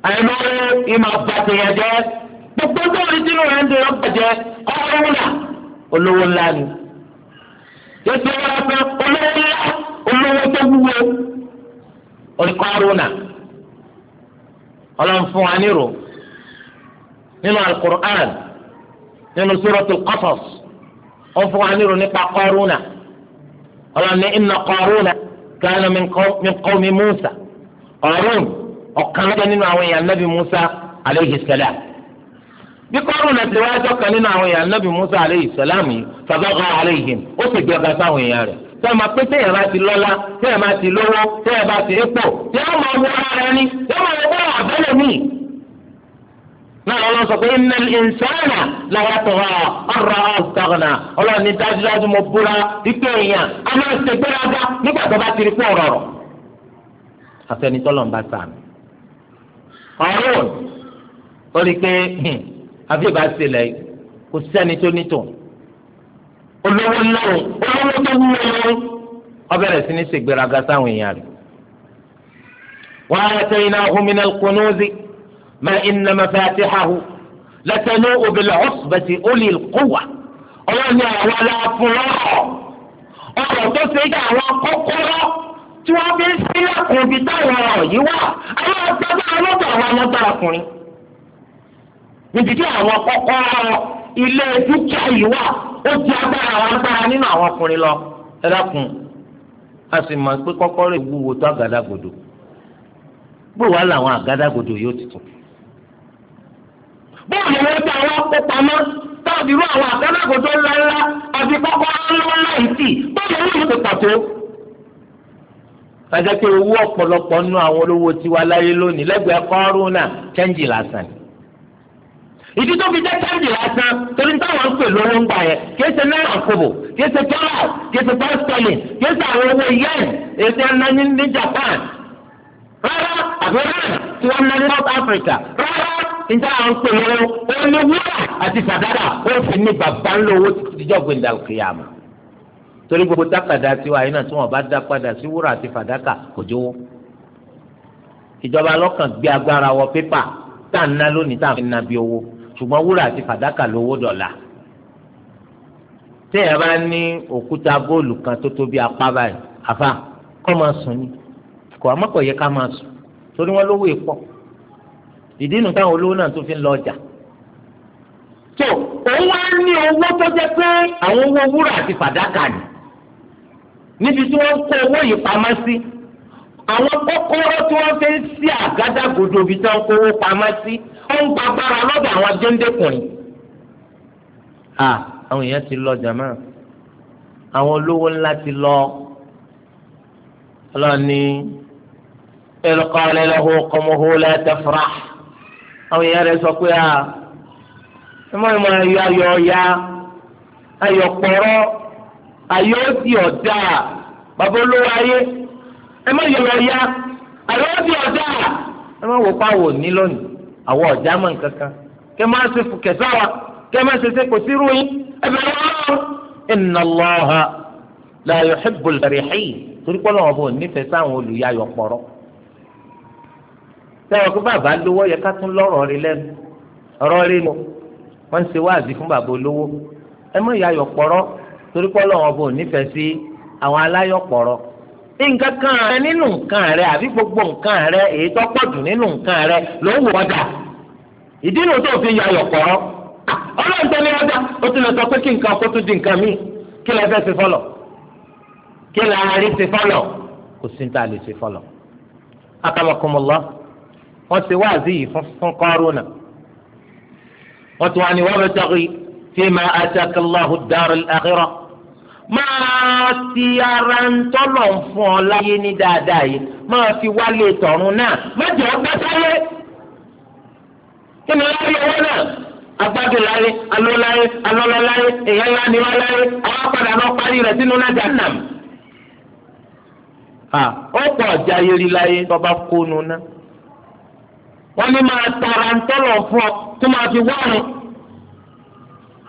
àìmọ́ ìmọ̀ bàtì yẹn jẹ́ gbogbo tó rí sínú rẹ̀ ń dè ọ́ bàjẹ́ ọ̀rọ̀ ńlá olówó ńlá ni. yẹ́sẹ̀ wọ́n á fẹ́ olówó ńlá olówó tó wúwo oríkọ́ àrùnà ọlọ́run fún wa nírò nínú alukur'an nínú Suratul Qasas ó fún wa nírò nípa Qaruna ọlọ́ni inna Qaruna kana min qawmi Musa Qarun ọ̀kan lọ́jọ́ nínú àwọn èèyàn Nabi Musa alayhi salam bí Qaruna ti wá jọ́kan nínú àwọn èèyàn Nabi Musa alayhi salam yìí fabagha alayhim ó sì gbẹ̀gbẹ̀ sáwọn èèyàn rẹ̀ tẹ́ ẹ máa pé téèyàn bá ti lọ́lá téèyàn bá ti lówó téèyàn bá ti épò téèyàn máa wọ náà lọ́wọ́ sọ pé iná ìsáná làwọn àtọ̀wá ọ̀rọ̀ ọ̀sítàgànà ọlọ́run ní dájúdájú mo búra wípé èèyàn a máa ṣe gbéraga nígbà tó bá ti rí pé ọ̀rọ̀ rọ̀. afẹnitọ́lọ̀ ń bá sàmì. ọ̀rùn ó rí i pé àfihàn ṣẹlẹ̀ kò sẹ́ni tó nítò olówó náà olówó tó wúwo lọ́wọ́ ọbẹ̀rẹ̀ sí ní ṣègbéraga sáwọn èèyàn rẹ̀. wàá ما إن مفاتحه لتنوء بالعصبة أولي القوة ọlọ́ni àwọn aláfọlọ́rọ̀ ọ̀rọ̀ tó ṣe jẹ́ àwọn kọ́kọ́rọ́ tí wọ́n fi ń sílẹ̀kùn ibi táwọn ọ̀rọ̀ yìí wà àwọn tí àwọn kọ́kọ́rọ́ ilé dúkìá yìí wà ó ti agbára àwọn agbára nínú a bóòlù wọn tí àwọn kó pamọ́ táwọn ti rú àwọn àtẹnàgòdó ńláńlá àti kọ́kọ́rọ́ ńláńlá yìí tì bóòlù wọn kò pàtó. pàtàkì owó ọ̀pọ̀lọpọ̀ nú àwọn olówó tiwa láyé lónìí lẹ́gbẹ̀ẹ́ kọ́ọ́rùn náà chẹ́ńjì lásán ìdí tó fi jẹ́ chẹ́ńjì lásán torí táwọn ń pè lówó ń gbà yẹn kìí ṣe náírà kọ́bọ̀ kìí ṣe dọ́là kìí ṣe pound kìí ṣe àwọn owó yẹn èyí tí wọ́n ní Japan rárá àbí tí wọ́n North Africa rárá níta àwọn pè lówó ó ní wúrà àti sàdáàdà ó fi ní bàbá ńlọ owó títí díjọ́ gbẹ̀ndà kìyàmù torí gbogbo tákàdá tiwa yìí náà tí wọn bá dá padà sí wúrà àti fàdákà kò jówó ìjọba lọ́kàn gbé agbára wọ pépà tá à ń ná lónìí tá à ń ná bí owó ṣùgbọ́n wúrà àti fàdákà lówó dọ̀la téèyàn bá ní òkúta góòlù kan tó tóbi apá báyìí àfa kọ́ máa sùn ni kò àmọ́ yẹ ká máa sùn torí wọ́n lówó èpọ̀ ìdí nu táwọn olówó náà tó fi ń lọ ọjà tó òun wá ní owó tó jẹ pé àwọn owó wúrà àti fàdákà ni níbi tí wọ́n kó owó yìí pamọ́ sí àwọn kọ́kọ́rọ́ tí wọ́n fẹ́ sí àgádágodo ibi tí wọ́n kó owó pamọ́ sí ó ń gba agbára lọ́dọ̀ àwọn géńdékùnrin. à àwọn èèyàn ti lọ jàmá àwọn olówó ńlá ti lọ ọlọ́ni ẹlẹ́kọ́ alẹ́ lọ́wọ́ kọ́mọ́hó lẹ́tẹ̀fúrà àwọn èèyàn rẹ̀ sọ pé a ẹmọ́ ìmọ̀ ayọ̀ ayọ̀ ọ̀ya ayọ̀ pọ̀rọ̀ ayọ̀ òdì ọ̀dà bàbá olówó ayé ẹmọ́ ayọ̀ ọ̀ya ayọ̀ òdì ọ̀dà ẹmọ́ wò pa wò ní lónìí àwọ̀ ọ̀dà mọ̀ nkankan kẹ máa ṣe fùkẹ̀ sáwà kẹ máa ṣe ṣe kò sí ròyìn ẹbẹ̀ lọ́wọ́ inna Allaha la yuhibbul farihin torí pọ́lọ́wọ́ bò nífẹ̀ẹ́ sáwọn olùyà ayọ̀ sẹ́wọ̀n kó bàbá lówó yẹ ká tún lọ́rọ̀ rí lẹ́nu ọ̀rọ̀ rí mu wọ́n ń ṣe wáàzì fún bàbá olówó ẹ mọ̀ ìyá ayọ̀pọ̀rọ̀ torí pé Ọlọ́run bò nífẹ̀ẹ́ sí àwọn aláyọ̀pọ̀rọ̀ nǹkan kan rẹ nínú nǹkan rẹ àbí gbogbo nǹkan rẹ èyí tó pọ̀ jù nínú nǹkan rẹ ló ń wò ọjà ìdí nu tó fi ya ayọ̀pọ̀rọ̀ Ọlọ́run tó ní ọjà ó ti sọ pé kí wọ́n ṣe wáàzí yìí fún fún kọ́rọ́nà wọ́n tún wá ní wọ́n bẹ tọ́kì tí ma àtàkàláhu dàrú àkírọ́ máa ti ara ń tọ́lọ̀ fún ọ láyé ní dáadáa yìí máa fi wálé tọ̀run náà má ọgbẹ́ sáyé kí ni wọ́n lọ́wọ́ náà agbádùn láyé alóláyé alọ́lọ́láyé èèyàn ńlá ni wọ́n láyé àwọn padà lọ parí rẹ̀ sínú náà jàǹdàm. ó pọ̀ ọ̀jà yẹri láyé tó bá náà wọ́n ní máa tara ń tọ́lọ̀ fún ọ tó máa fi wárun.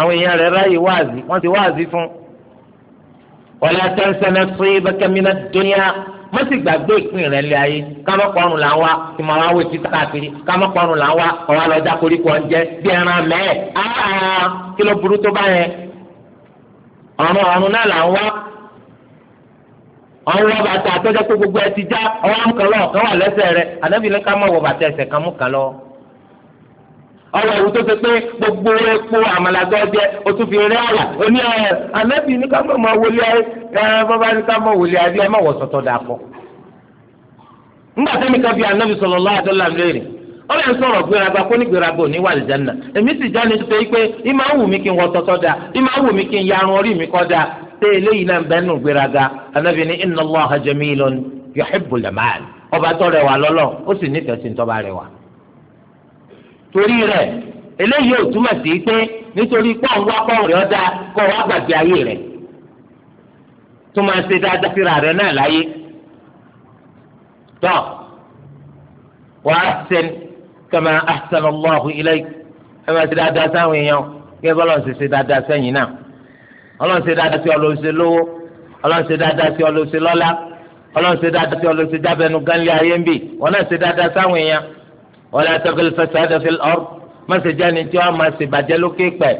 àwọn èèyàn rẹ̀ ráyè wáàzì wọ́n ti wáàzì fún. wala tansa nasibaka mina dunya wọ́n sì gbàgbé ìpín rẹ̀ lé ayé kámọ́kọ́rùn là ń wá tí màá wá wé títí káàkiri kámọ́kọ́rùn là ń wá ọ̀rọ̀ àlọ́jà koríko ọ̀njẹ́ bí ẹran mẹ́ẹ̀ áá kí ló burú tó bá yẹn. ọ̀run ọ̀run náà là ń wá ọwọ́ bàtà àtọ́jọ́ pé gbogbo ẹ ti já ọwọ́ kan lọ́wọ́ wà lẹ́sẹ̀ rẹ ànábì ní ká má wọ bàtà ẹsẹ̀ kan mú kan gbogbo epo àmàlàgbà ọjẹ́ o tún fi rí àlà oní ẹ̀ ànábì ní ká má má wọlé ẹ bàbá ní ká má wọlé ẹ má wọ dà ńgbà tẹ́mi ká bí ànábì sọ̀rọ̀ ṣé eléyìí náà bẹ́ẹ̀ nù gbéraga anábì ní inna Allaha jamilun yuhibbul jamal ọba tó rẹwà lọ́lọ́ ó sì nífẹ̀ẹ́ sí tọ́ba rẹwà. torí rẹ̀ eléyìí ò túmọ̀ sí pé nítorí pọ́ńwá pọ́ńrẹ́ ọ̀dà kọ́ wá gbàgbé ayé rẹ̀ tó máa ṣe dáadáa síra rẹ̀ náà láyé. tọ́ wàá sẹ́n kama ahsan Allahu ilayk ẹ máa ṣe dáadáa sáwọn èèyàn kí ẹ bọ́lọ̀ ṣe ṣe dáadáa sẹ́yìn náà ọlọ́run ṣe dáadáa sí ọ ló ṣe lówó ọlọ́run ṣe dáadáa sí ọ ló ṣe lọ́lá ọlọ́run ṣe dáadáa sí ọ ló ṣe jábẹ́nu gánlẹ̀ ayé ń bì wọn náà ṣe dáadáa sáwọn èèyàn wọn náà tẹ́kọ̀lẹ́ fẹsẹ̀ àdàfẹ́ ọ̀rọ̀ mọ̀sẹ̀ jáde tí wọ́n máa ṣe bàjẹ́ lókè pẹ̀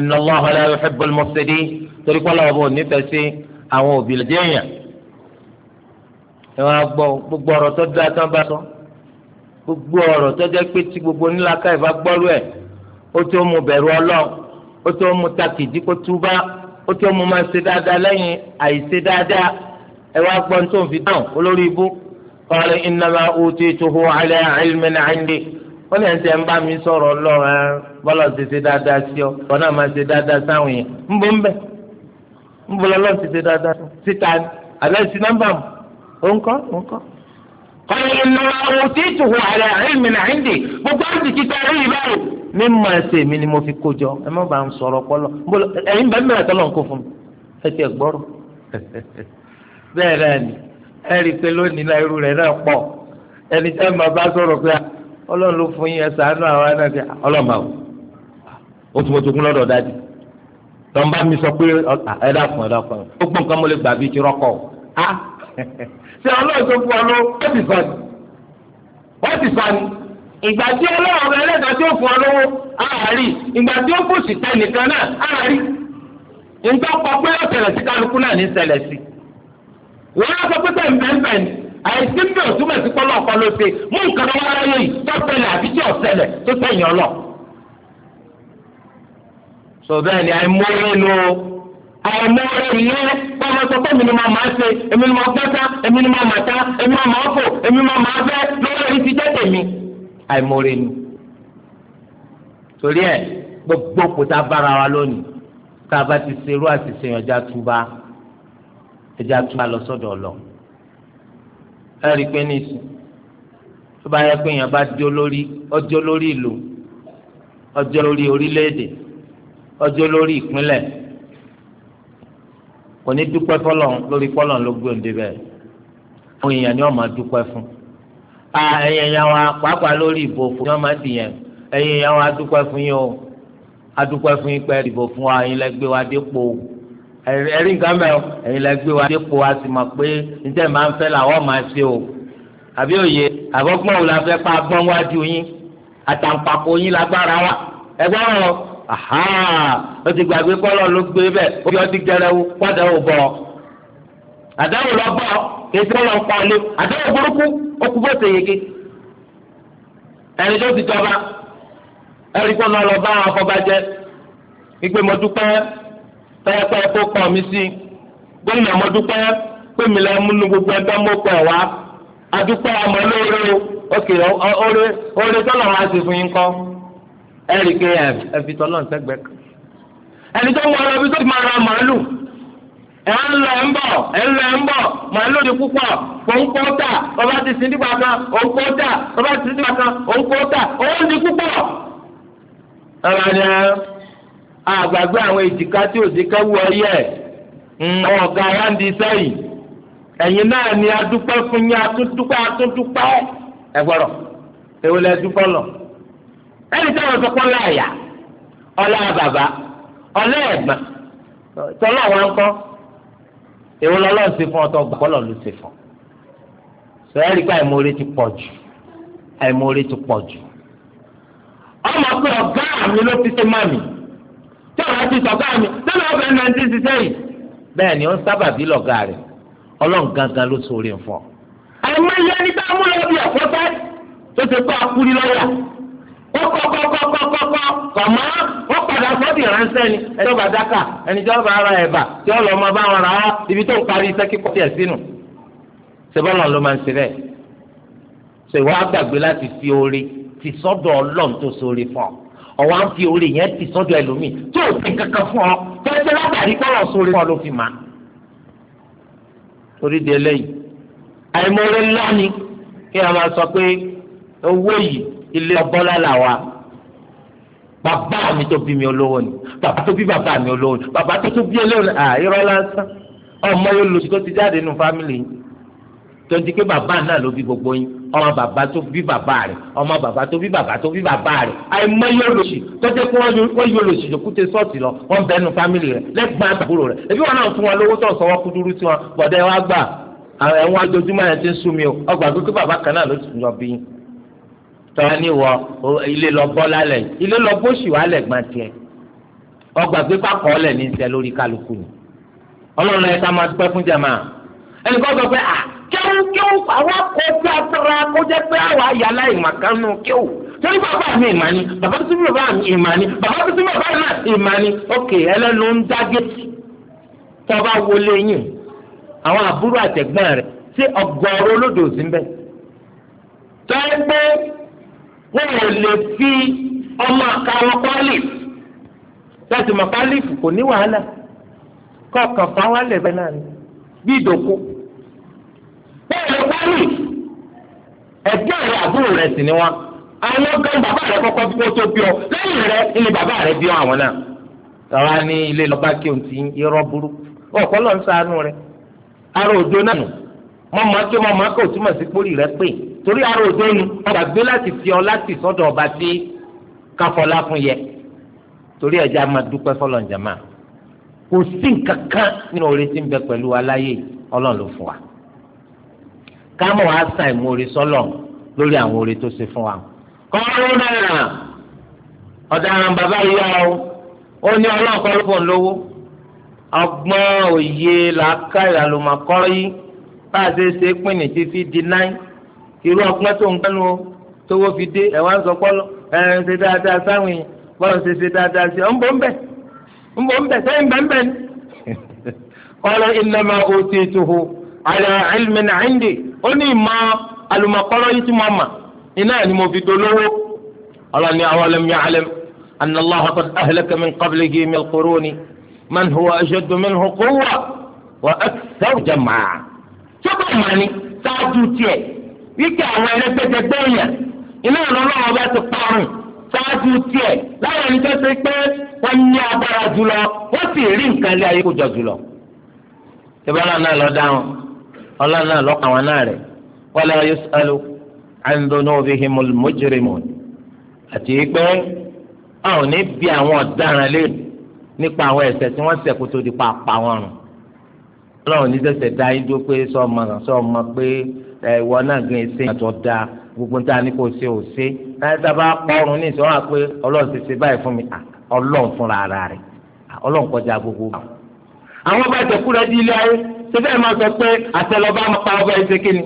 Innallahu la yuhibbul mufsidin torí pé ọlọ́wọ́ bò nífẹ̀ẹ́ sí àwọn òbí lè jẹ́yàn. ẹ wá gbọ́ gbogbo ọ̀rọ̀ tó dáa tán bá sọ gbogbo ọ̀rọ̀ tó jẹ́ pé tí gbogbo onílàkà ìbá gbọ́rú ẹ̀ ó tó mú bẹ̀rù Ọlọ́run ó tó mú takìdí kó túbá ó tí ọmọ máa ṣe dáadáa lẹ́yìn àìṣe dáadáa ẹ wá gbọ́ tó ń fi dáhùn olórí ibú ala indi ó lè ń tẹ́ ń bá mi sọ̀rọ̀ lọ́rọ̀ bọ́lá ti ṣe ọ wọn náà máa ṣe dáadáa sáwọn yẹn ń bọ́ ń bẹ̀ ń bọ́ lọ́lọ́ ti ṣe dáadáa síta sí nọ́mbà mu ala ilmin indi gbogbo àti mímọ ẹsẹ̀ mi ni mo fi kó jọ ẹ má bàa ń sọ̀rọ̀ pọlọ ẹyin bẹ́ẹ̀ mẹ́rin tọlọ ń kó fún mi ẹ ti gbọrọ *laughs* bẹ́ẹ̀ náà ni ẹ rí i pé lónìí náà irú rẹ náà pọ̀ ẹni tẹ máa bá sọ̀rọ̀ pé Ọlọ́run ló fún yín ẹ ṣàánú àwọn náà fi Ọlọ́run bá wò ó tún mo tó kún lọ́dọ̀ dájú tọ́nba mi sọ pé ẹ dákun ẹ dákun ó gbọ́n nǹkan mo lè gbà bí ti rọ́kọ̀ o *laughs* ṣé Ọlọ́run tó fún ọ ló wọ́n ti sọ ni wọ́n ti sọ ni ìgbà tí ọlọ́run rẹ lẹ́ka tí ó fún ọ lọ́wọ́ àárí ìgbà tí ó kù sí tẹnìkan náà àárí nǹkan kọ pé ó ṣẹlẹ̀ sí kálukú náà ní ṣẹlẹ̀ sí. wọ́n á sọ pé tẹ̀m̀pẹ̀m̀pẹ̀ ni àìsí ń bẹ̀ òtúmọ̀ sí kọ́lọ́ ọ̀kan ló ṣe mú nǹkan wá láyé yìí tó ṣẹlẹ̀ àbí tí ò ṣẹlẹ̀ tó sẹ̀yìn ọlọ́. sọ bẹ́ẹ̀ ni àìmọ́rẹ́ nu àìmọ́rẹ́ ìyẹn bọ́lá sọ pé èmi máa ṣe èmi gbẹ́ta èmi ni mo máa ta èmi lọ́wọ́ èyí ti jẹ́ tèmi àìmọ̀re ni torí ẹ gbogbo kòtà bára wa lónìí tá a bá ti ṣerú àṣìṣe yẹn ọjà túbà ẹjà túbà lọ sọ́dọ̀ ọlọ ẹ rí i pé nísìn tó bá yẹ pé èèyàn bá jó lórí ọjọ́ lórí ìlú ọjọ́ lórí orílẹ̀-èdè ọjọ́ lórí ìpínlẹ̀ kò ní dúpẹ́ fọlọ́n lórí fọlọ́n ló gbé òǹdè bẹ́ẹ̀ àwọn èèyàn ni wọ́n máa dúpẹ́ fún Ah, ẹ̀yin ẹ̀yàn wa pàápàá lórí ìbò fún yọ́n máa dìyẹn ẹ̀yin ẹ̀yàn wa adúpẹ́ fún yín o adúpẹ́ fún yín pé ìbò fún wa ẹ̀yin lẹ gbé wa dépò ẹ̀rí nǹkan mẹ́ o ẹ̀yin lẹ gbé wa dépò a sì mọ̀ pé níta máa ń fẹ́ làwọn máa ṣe o àbí òye àbọ̀gbọ́n wo la fẹ́ pa agbọ́n wájú yín àtàǹpàkò yín lágbára wa ẹgbẹ́ wọn aha ó ti gbàgbé kọ́lọ́ ló gbé bẹ́ẹ̀ ó yọ ọtí gẹrẹ wọ́dà ò bọ̀ àdáwò lọ bá ọ kìí sọ lọ pa ọlẹ àdáwò burúkú ó kú bó ṣe yege ẹni tó ti jọba ẹni tó náà lọ bá àwọn afọbajẹ ìpè mo dúpẹ́ pẹpẹ kó pọ mi sí gómìnà mo pé mi lọ múnú gbogbo ẹgbẹ́ mo pẹ wá adúpẹ́ ọmọ lóore o òkè ọ̀rẹ́ ọ̀rẹ́ tọlọ wá sí fún yín kọ ẹrí kẹ ẹ fi tọlọ ń sẹgbẹ kan ẹni tó mú ọ lọ tó ti máa ra màálù. ẹ ń lọ ń bọ̀ ẹ ń lọ ń bọ̀ màálù ni púpọ̀ òǹkó tà ti sin dìgbà kan òǹkó tà ti sin dìgbà kan òǹkó tà ni púpọ̀. ọ̀rọ̀ ni àgbàgbé àwọn èjìká tí hmm, ọ̀gá sẹ́yìn náà ni adúpẹ́ fún yín atúntúpẹ́ atúntúpẹ́ èwo lọ́lọ́run ṣe fún ọtọ gbọ́lọ̀ ló ṣe fún sọ́yà rí pé àìmoore ti pọ̀ jù àìmoore ti pọ̀ jù ọmọ pé ọ̀gá mi ló fi ṣe mami tí ọ̀gá ti sọ̀gá mi tẹ́lẹ̀ ọ̀gá náà ti ṣiṣẹ́ yìí bẹ́ẹ̀ ni ó ń sábà bí lọ́gá rẹ̀ ọlọ́run gangan ló sọ orí fún ọ. àìmọye ẹni tá a mú lọ bí ọ̀pọ̀ fẹ́ tó ti kọ́ akúrí kọ́kọ́kọ́kọ́kọ́ kọ̀mọ́ wọ́n padà sọ́ọ̀dì ránṣẹ́ ni ẹni ọba dáka ẹni tí ọba ara ẹ̀bà tí ọlọ́ ọmọ bá wọn rà á ibi tó ń parí iṣẹ́ kíkọ́ tiẹ̀ sínú. ṣèbọ́lọ̀ ló máa ń ṣe bẹ́ẹ̀ ṣe wọ́n á gbàgbé láti fi oore ti sọ́dọ̀ ọlọ́run tó sóore fún ọ ọ̀wá ń fi oore yẹn ti sọ́dọ̀ ẹlòmíì tó o ti kankan fún ọ fẹ́ẹ́ látàrí kọ́lọ̀ sóore fún ọ ló fi mà. torí di eléyìí àìmọ̀ọ́rẹ́ ńlá kí a máa sọ pé owó yìí ilé ọbọ́lá là wa bàbá mi tó bí mi olówó ni bàbá tó bí bàbá mi olówó ni bàbá tó tó bí olówó ni à irọ́ lásán ọmọ yóò lòsì tó ti jáde nù fámìlì yìí tó ń di pé bàbá náà ló bí gbogbo yín ọmọ bàbá tó bí bàbá rẹ̀ ọmọ bàbá tó bí bàbá tó bí bàbá rẹ̀ àìmọ yóò lòsì tó jẹ́ pé wọ́n yóò lòsì tó kúte sọ́ọ̀tì lọ wọ́n bẹ́ẹ̀ nù fámìlì rẹ̀ lẹ́gbàá àtàkùrọ̀ rẹ̀ ẹbí wọn náà fún wọn lówó tó sọ́wọ́ kúdúrú tí wọn bọ̀dẹ̀ wá gbà àwọn ẹ̀wọ̀n yẹn ti ń sú mi o ọgbà gbogbo bàbá kan náà ló ti ń lọ bí yín tọ́wọ́ ní wọ ilé lọ bọ́ lálẹ́ ilé lọ bó sì wálẹ̀ gbọ́n tiẹ̀ ọgbà pípa kọ́ ọ lẹ̀ ní sẹ́ lórí kálukú ni ọlọ́run ẹ̀ka máa pẹ́ fún jàmá ẹnì kan sọ pé à kéwù kéwù àwọn akọ́jú atara kó jẹ́ pé àwọn ayàlá ìmàkánú kéwù torí bàbá mi ìmà ni bàbá tó tún bàbá mi ìmà ni bàbá tó bàbá náà ìmà ni ókè ẹlẹ́nu ń dá géètì tọ́ba wọlé yìn àwọn àbúrò àtẹ̀gbọ́n rẹ̀ sí ọgọ́rùn olódò sí ń bẹ̀ tọ́ ẹ pé wọn ò lè fi ọmọ àkàrọ̀ pálíf láti mọ pálíf kò ní wàhálà kọ̀ọ̀kan fáwọn àlẹ́fẹ́ náà ni bí ìdòkú bẹ́ẹ̀ lọ pálíf ẹgbẹ́ rẹ àbúrò rẹ sì ni wọn àwọn kan bàbá rẹ kọkọ bí wọ́n tó bí ọ lẹ́yìn rẹ ni bàbá rẹ bí ọ àwọn náà tọ́wá ní ilé lọ́ba kí o ti irọ́ burúkú ọ̀pọ̀ lọ́n sànú rẹ ara òdo náà nù mọ́mọ́ kí mọ́mọ́ kí o túmọ̀ sí pórí rẹ pé torí ara òdenu ọba gbé láti fi ọ láti sọ́dọ̀ ọba tí káfọlá fún yẹ torí ẹjẹ a máa dúpẹ́ fọlọ njàmá kò sí nǹkan kan nínú oore tí ń bẹ pẹ̀lú aláyé Ọlọ́run ló fún wa kámọ wa sàn ìmoore sọlọ lórí àwọn oore tó ṣe fún wa kọrin náà ọ̀daràn bàbá yọ ọ ó ní ọlọ́ọ̀kọ́ ló fò lówó ọgbọ́n òye làákàyà ló máa kọ́ yí bá a ṣe ṣe pín títí di náírà irú ọgbọ́n tó ń gbẹ́nu o tówó fi dé ẹ̀ wá ń sọ pọ́lọ́ ẹ̀ ń ṣe dáadáa sáwọn yìí bọ́lá ṣe ṣe dáadáa sí ọ ń bọ̀ ń bẹ̀ ń ń bẹ̀ sẹ́yìn bẹ́ẹ̀ bẹ́ẹ̀ ni. *laughs* qala innama utituhu ala ilmin indi ó ní ìmọ̀ alùmọ̀kọ́rọ́ yìí tí mo mà iná ni mo fi dolówó ọlọ́ni awalam ya'lam wíkẹ́ àwọn ẹlẹ́gbẹ́jẹgbẹ́ yẹn iná ìrànlọ́wọ́ bá ti parun ṣáájú tiẹ̀ láwọn ẹni tó ṣe pé wọ́n ní agbára jùlọ wọ́n sì rí nǹkan lé ayé kó jọ jùlọ. ìbára náà lọ dáhùn ọlọ́run náà lọ́kàn wọn náà rẹ̀ wala yusalu an dhunubihimul mujrimun àti pé àwọn ní bí àwọn ọ̀daràn lé nípa àwọn ẹ̀ṣẹ̀ tí wọ́n ṣẹ̀ kó tó di pa pa wọn rùn. ọlọ́run ní sẹ̀sẹ̀ dá yín dúró pé sọ́ọ́ ìwọ náà gbé e sí ìyàtọ̀ da gbogbo níta ní kò ṣe ò ṣe láti sábà pọ́ọ̀rùn ní ìṣọ́ra pé ọlọ́run ti ṣe báyìí fún mi ọlọ́run fúnra ara rẹ̀ ọlọ́run kọjá gbogbo. àwọn bá jẹ kúrẹ́ di ilé ayé ṣé bẹ́ẹ̀ máa sọ pé àtẹlọba máa pa ọba ẹsẹ̀ kí ni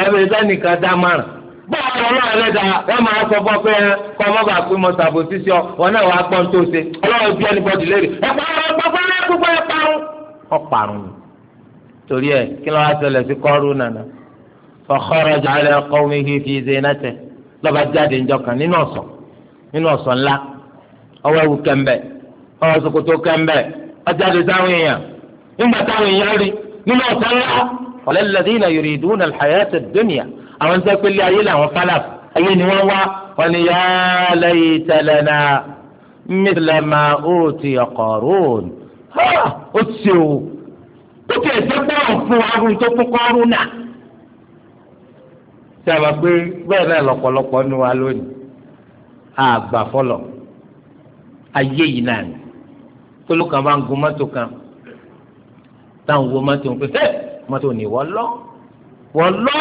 ọba ẹsẹ̀ nìkan dá márùn báwo ọlọ́run ẹlẹ́dà wọ́n máa sọ fún ọ pé kọ́ ọmọ bá pé mo ṣàbò sísọ wọn náà wàá pọ́n tó ṣe ọlọ́run bí ẹni bọ́dì léèrè ẹ̀pọ̀ ọ̀rọ̀ gbọ́gbọ́ lẹ́kùnkùn ẹ̀pọ̀ ọ̀run. ọ̀parun ni torí ẹ kí ló wá ṣẹlẹ̀ sí kọ́rù nànà فخرج على قومه في زينته لبا جاد انجوكا نينو اصو نينو اصو لا او او كمبه او سكوتو كمبه اجاد زاوية إما تاوية يالي نينو اصو لا وللذين يريدون الحياة الدنيا او انت كل عيلة وفلف ايين هو ونيا ليت لنا مثل ما أوتي قارون ها أتسو أتسو أتسو أتسو أتسو أتسو tí a bá pé bẹ́ẹ̀ náà lọ́pọ̀lọpọ̀ nu wa lónìí àgbà fọlọ ayé yìí náà ni tolókan bá ń gun mọ́tò kan táwọn wo mọ́tò ń pè fẹ́ mọ́tò ní wọ́n lọ wọ́n lọ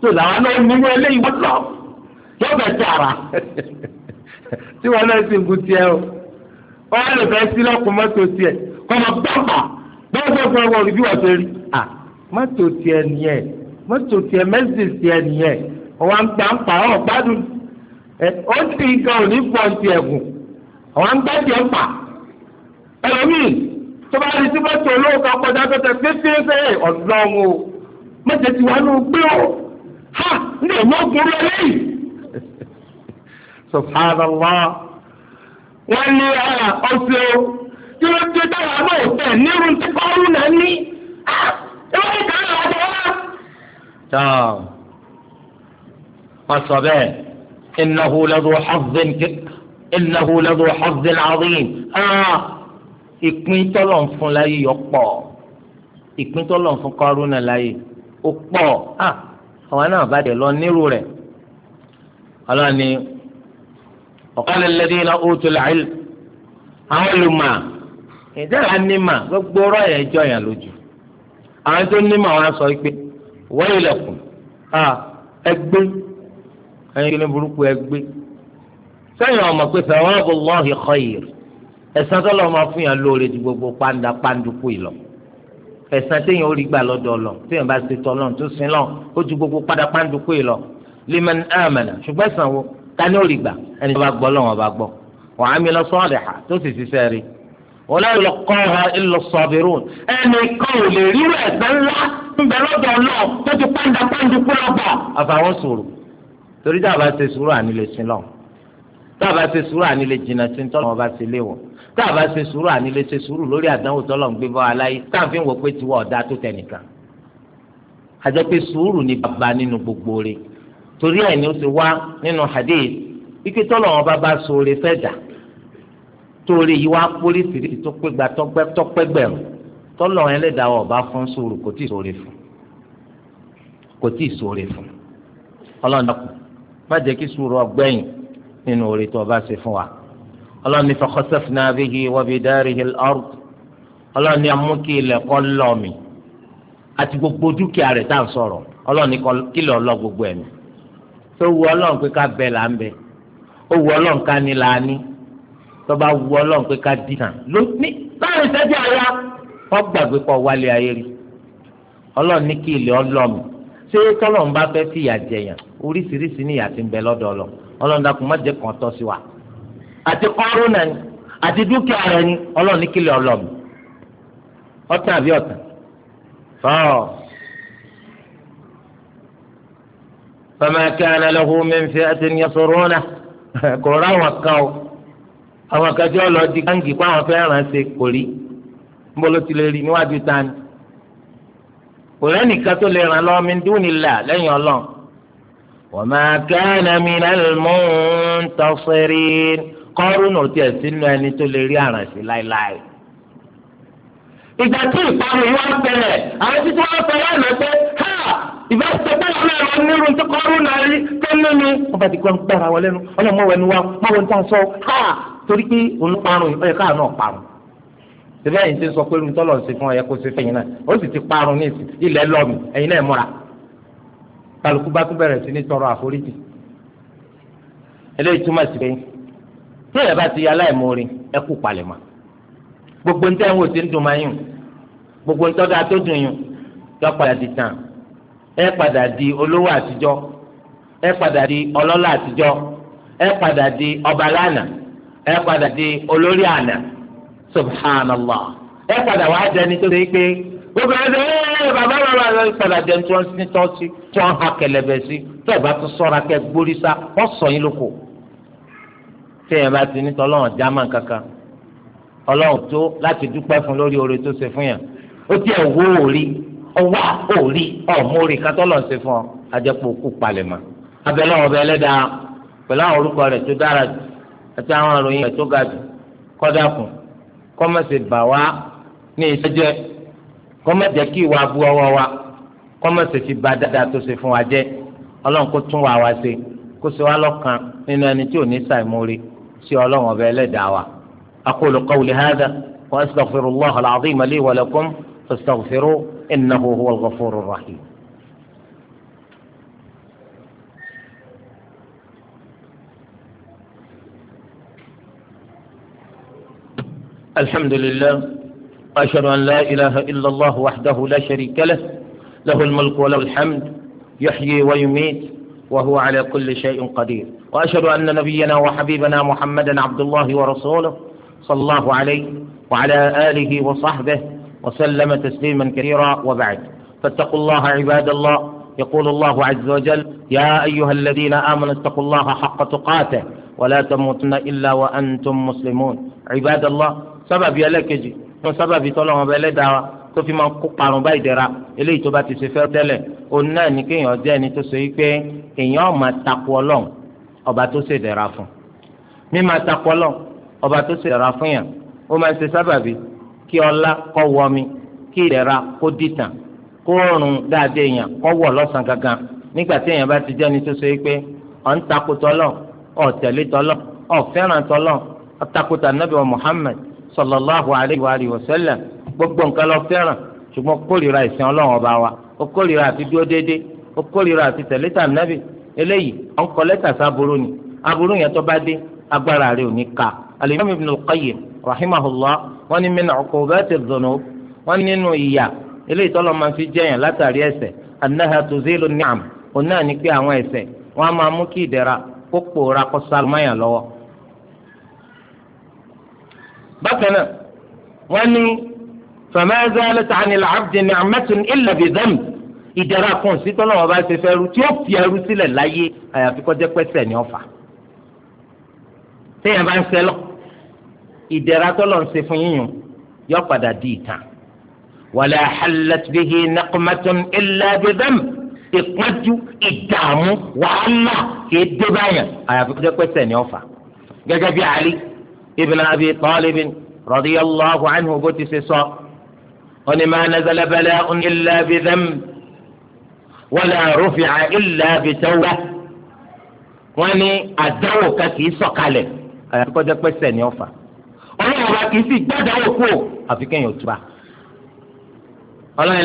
tó làwọn náà ní wọ́n eléyìí wọ́n lọ yóò bẹ̀ tí ara tí wọ́n náà ti ń gun tiẹ̀ o wọ́n lè fẹ́ sílẹ̀kùn mọ́tò tiẹ̀ kọ́ ọ bẹ́ẹ̀ bẹ́ẹ̀ fún wọ́n rí bí wọ́n ṣe rí mọ́tò tiẹ̀ nìyẹn mọ́tò tiẹ̀ mẹ́sìs tiẹ̀ nìyẹn ọ̀wá ń gbà ń pa ọ̀ gbádùn ó ti nǹkan ò ní pọ̀ tiẹ̀ gùn ọ̀wá ń gbà tiẹ̀ pa ẹlòmíì tó bá rí sí mọ́tò olóòkà kọjá tó tẹ fífífẹ́ ọ̀dọ́n o mọ́tò tiwa ló gbé o ha ní ẹ̀mọ́ gbúrú ẹlẹ́yìn subhanallah wọ́n ní ọ̀sẹ̀ ah, o kí ló dé táwọn àmọ́ máa sọ bẹ́ẹ̀ innahu ladhu hazzin innahu ladhu hazzin azim ìpín tọ́lọ̀ ń fún láyé yọ pọ̀ ìpín tọ́lọ̀ ń fún kọ́rùnà láyé ó pọ̀ àwọn náà bá dẹ̀ lọ nírú rẹ̀ ọlọ́ni ọ̀kan alladhina utul ilm àwọn olùmọ̀ ìdára nímà gbogbo ọ̀rọ̀ yẹn jọ yàn lójú àwọn tó nímà wọn sọ pé wọ́n ilẹ̀kùn ẹgbẹ́ ẹ̀yin kí ni burúkú ẹ gbé sẹ́yìn ọmọ pé sàwọ́nàbọ̀ lọ́ọ̀hìn kọ́yìr ẹ̀sán tó lọ́ọ́ máa fún yàn lóore ju gbogbo pàǹdà pàǹdùkú ìlọ ẹ̀sán téèyàn ó rí gbà lọ́dọ̀ ọlọ téèyàn bá ṣe tọ́ lọ́n tó sin lọ́n ó ju gbogbo pàǹdà pàǹdùkú ìlọ liman amana ṣùgbọ́n ẹ̀sán wo ta ni ó rí gbà ẹni tó bá gbọ́ lọ́wọ́ bá gbọ́ wàá mi lọ sọ́ọ̀dẹ̀ ha tó sì ṣiṣẹ́ rí wọlé ìlọ kọ́ra ìlọ sọ̀bìrún ẹnì kan ò lè rí ẹ̀sán ńlá ń bẹ lọ́dọ̀ ọlọ́ tó ti pàǹdà pàǹdùkú lọ́bọ̀ àfàwọn sòrò torí tá a bá ṣe sùúrù àní lè sin lọ tá a bá ṣe sùúrù àní lè jìnnà sí ní tọ́lọ́mọba ṣe léwọ̀ tá a bá ṣe sùúrù àní lè ṣe sùúrù lórí àdánwò tọ́lọ́mọ gbé bọ́ aláyé tá a fi ń wọ pé tiwọ́ ọ̀dà tó tẹnìkan àjọ pé sùúrù ni bàbá nínú gbogbo rẹ̀ torí ẹ̀ ni ó ti wá nínú hadith ike tọ́lọ́mọba bá ṣoore fẹ́ dà torí yìí wá pólísìrì tó pégbà tọ́pẹ́gbẹ̀rún tọ́lọ́mọ ẹlẹ́dàá ọba fún sùúrù kò tí má jẹ́ kí sùúrù ọgbẹ́yìn nínú orí tó o bá ṣe fún wa. ọlọ́ni fakhasafna bihi wa bidarihi al-ard ọlọ́ni amú kí ilẹ̀ kọ́ lọ́ọ̀mì àti gbogbo dúkìá rẹ̀ tá à ń sọ̀rọ̀ ọlọ́ni kílẹ̀ ọlọ́ gbogbo ẹ̀mí. tó wu ọlọ́run pé ká bẹ là ń bẹ ó wu ọlọ́run ká ní là á ní tó bá wu ọlọ́run pé ká dìtàn ló ní láàrin ìṣẹ́jú àyà wọ́n gbàgbé pọ̀ wálé ayé rí ọlọ́run ní kí ilẹ̀ ọlọ́mì ṣé tọ́lọ̀ ń bá fẹ́ fi ìyà jẹyàn oríṣiríṣi ní ìyà tí ń bẹ lọ́dọ̀ lọ ọlọ́dàkùn má jẹ́ kàn tọ́ sí wa àti kọ́rọ́nà ni àti dúkìá rẹ ni ọlọ́ọ̀ni kílẹ̀ ọlọ́ọ̀mù ọ̀tàn àbí ọ̀tàn fọ́ọ̀. fama kana lahu min fi'atin yasuruna kò ráwọn kan o àwọn kan tí wọ́n kó àwọn fẹ́ràn ṣe kò rí níbo ló ti lè rí níwájú tani kò lẹ́nìkan tó lè ràn lọ́wọ́ min dunillah lẹ́yìn ọlọ́run wa ma kana minal muntasirin kọ́rùnù tiẹ̀ sínú ẹni tó lè rí àrànṣe láéláé ìgbà tí ìparun yìí wọ́n tẹ̀lẹ̀ àwọn títí wọ́n tẹ̀lẹ̀ àná pé ha náà wọn nírun tó kọ́ ọ́rùn náà rí tó ń nínú. wọ́n bá ti gbọ́n gbára wọlé nu ọlọ́mọ wẹ̀ ni wá mọ́wọ́n tá a sọ ha torí pé òun parun ọ̀yẹ̀ká náà parun síbẹ̀ yìí ti sọ pé irun tọ́lọ̀ ń ṣe fún ọ yẹ kó ṣe fẹ̀yìn náà ó sì ti parun ní ìsìn ilẹ̀ lọ́ọ̀mì ẹ̀yin náà múra kálukú bá tún bẹ̀rẹ̀ sí ní tọrọ àforíjì eléyìí túmọ̀ sí pé tí ẹ̀ bá ti yá láìmoore ẹ kú palẹ̀mọ́ gbogbo ntẹ́ wo ti ń dùn máa yùn gbogbo ntọ́ da tó dùn yùn yọ padà di tàn ẹ padà di olówó àtijọ́ ẹ padà di ọlọ́lá àtijọ́ ẹ padà di ọba ẹ padà di olórí àná subhanallah ẹ padà wá jẹni tó ṣe pé gbogbo ẹ ṣe ẹ eh, bàbá bàbá rẹ padà jẹni tí wọn ti tọ́ sí tí wọn ha kẹlẹbẹ sí tí ẹ bá tún sọ́ra kẹ gbórí sá ọ sọ yín lóko tí ẹ bá ti ní tọ́lọ́run jámà kankan ọlọ́run tó láti dúpẹ́ fún lórí oore tó ṣe fún yàn ó tiẹ̀ wó òrí ọwá òrí ọ̀mórì kátọ́lọ̀ ṣe fún ọ ajẹ́pọ̀ òkú palẹ̀mọ́ abẹ́lẹ́ ọ̀bẹ ẹlẹ́dàá pẹ̀lú àwọn orúkọ rẹ̀ tó dára jù àti àwọn ìròyìn rẹ̀ tó ga jù kọ́dà kùn kọ́mọ̀sì bà wá ní ìṣẹ́jẹ́ kọ́mọ̀jẹ́ kí ìwà bu ọwọ́ wa kọ́mọ̀sì fi ba dáadáa tó ṣe fún wa jẹ́ ọlọ́run kó tún wà wá ṣe kó ṣe wá lọ́kàn nínú ẹni tí ò ní ṣàìmórí sí ọlọ́run ọba ẹlẹ́dàá wa. aqulu qawli hadha wa astaghfirullaha al-azima li wa lakum fastaghfiruhu innahu rahim. الحمد لله أشهد أن لا إله إلا الله وحده لا شريك له له الملك وله الحمد يحيي ويميت وهو على كل شيء قدير وأشهد أن نبينا وحبيبنا محمدا عبد الله ورسوله صلى الله عليه وعلى آله وصحبه وسلم تسليما كثيرا وبعد فاتقوا الله عباد الله يقول الله عز وجل يا أيها الذين آمنوا اتقوا الله حق تقاته ولا تموتن إلا وأنتم مسلمون عباد الله sábàbí ẹlẹ́kejì fún sábàbí tọ́lọ́wọ́n ọba ẹlẹ́dàá wa tó fi máa kó parun bá ìdẹ̀ra eléyìí tó bá ti ṣe fẹ́ tẹ́lẹ̀ òun náà ní kéèyàn jẹ́ ẹni tó ṣe wípé èèyàn ọ̀ máa takò ọlọ́run ọba tó ṣe ìdẹ̀ra fún mi máa takò ọlọ́run ọba tó ṣe ìdẹ̀ra fún yàn ó máa ń ṣe sábàbí kí ọlá kó wọ mi kí ìdẹ̀ra kó dìtàn kó rùn dáadé èèyàn kó wọ̀ lọ́sàn gangan nígbà tí èèyàn bá ti jẹ́ ẹni tó ṣe wípé ọ̀ ń takò tọ́lọ́ ọ̀ tẹ̀lé tọ́lọ́ ọ̀ fẹ́ràn tọ́lọ́ ọ̀ takò tà Muhammad sallallahu alayhi wa alihi wa sallam gbogbo nǹkan lọ fẹ́ràn ṣùgbọ́n kórìíra ìsìn ọlọ́run ọba wa ó kórìíra àti dúró dédé ó kórìíra àti tẹ̀lé tà nábì eléyìí ọ̀n kọ́ lẹ́tà sáburú ni aburú yẹn tó bá dé agbára rẹ̀ ò ní ka alimami ibn al-qayyim rahimahullah wọn ni min uqubati dhunub wọn nínú ìyà eléyìí tọ́lọ́ máa fi jẹ́yàn látàrí ẹ̀ṣẹ̀ annaha tuzilu ni'am òun náà ní pé àwọn ẹ̀ṣẹ̀ wọn á máa mú kí ìdẹ̀ra kó pòórá kó sálùmáyà lọ́wọ́ bákan náà wọ́n ní fàmáyáza alẹ́tàánì làbdì ní amẹ́tún ìlàbí dẹ́m ìdára kan sí tọ́lọ́ wọn bá ṣe fẹ́ ru tí ó fi ẹrú sílẹ̀ láyé àyàfi kọjá pẹ́sẹ̀ ní ọ̀fà téèyàn bá ń sẹ́lọ̀ ìdára tọ́lọ́ ń ṣe fún yíyún yọ padà di ìtàn wàlẹ́ àhàlẹ́tìbíhì nàkùmẹ́tún ìlàbí dẹ́m ìpọ́njú ìdààmú wàhálà kì í dé báyà àyàfi kọjá pẹ́sẹ̀ ní ọ̀fà gẹ́gẹ́ bí Ali ابن أبي طالب رضي الله عنه قلت سيسا ما نزل بلاء إلا بذنب ولا رفع إلا بتوبة وني أدعو كي سقال أقول لك بس أني أفا أولا أباك يسي جدعو كو أفكين يتبع أولا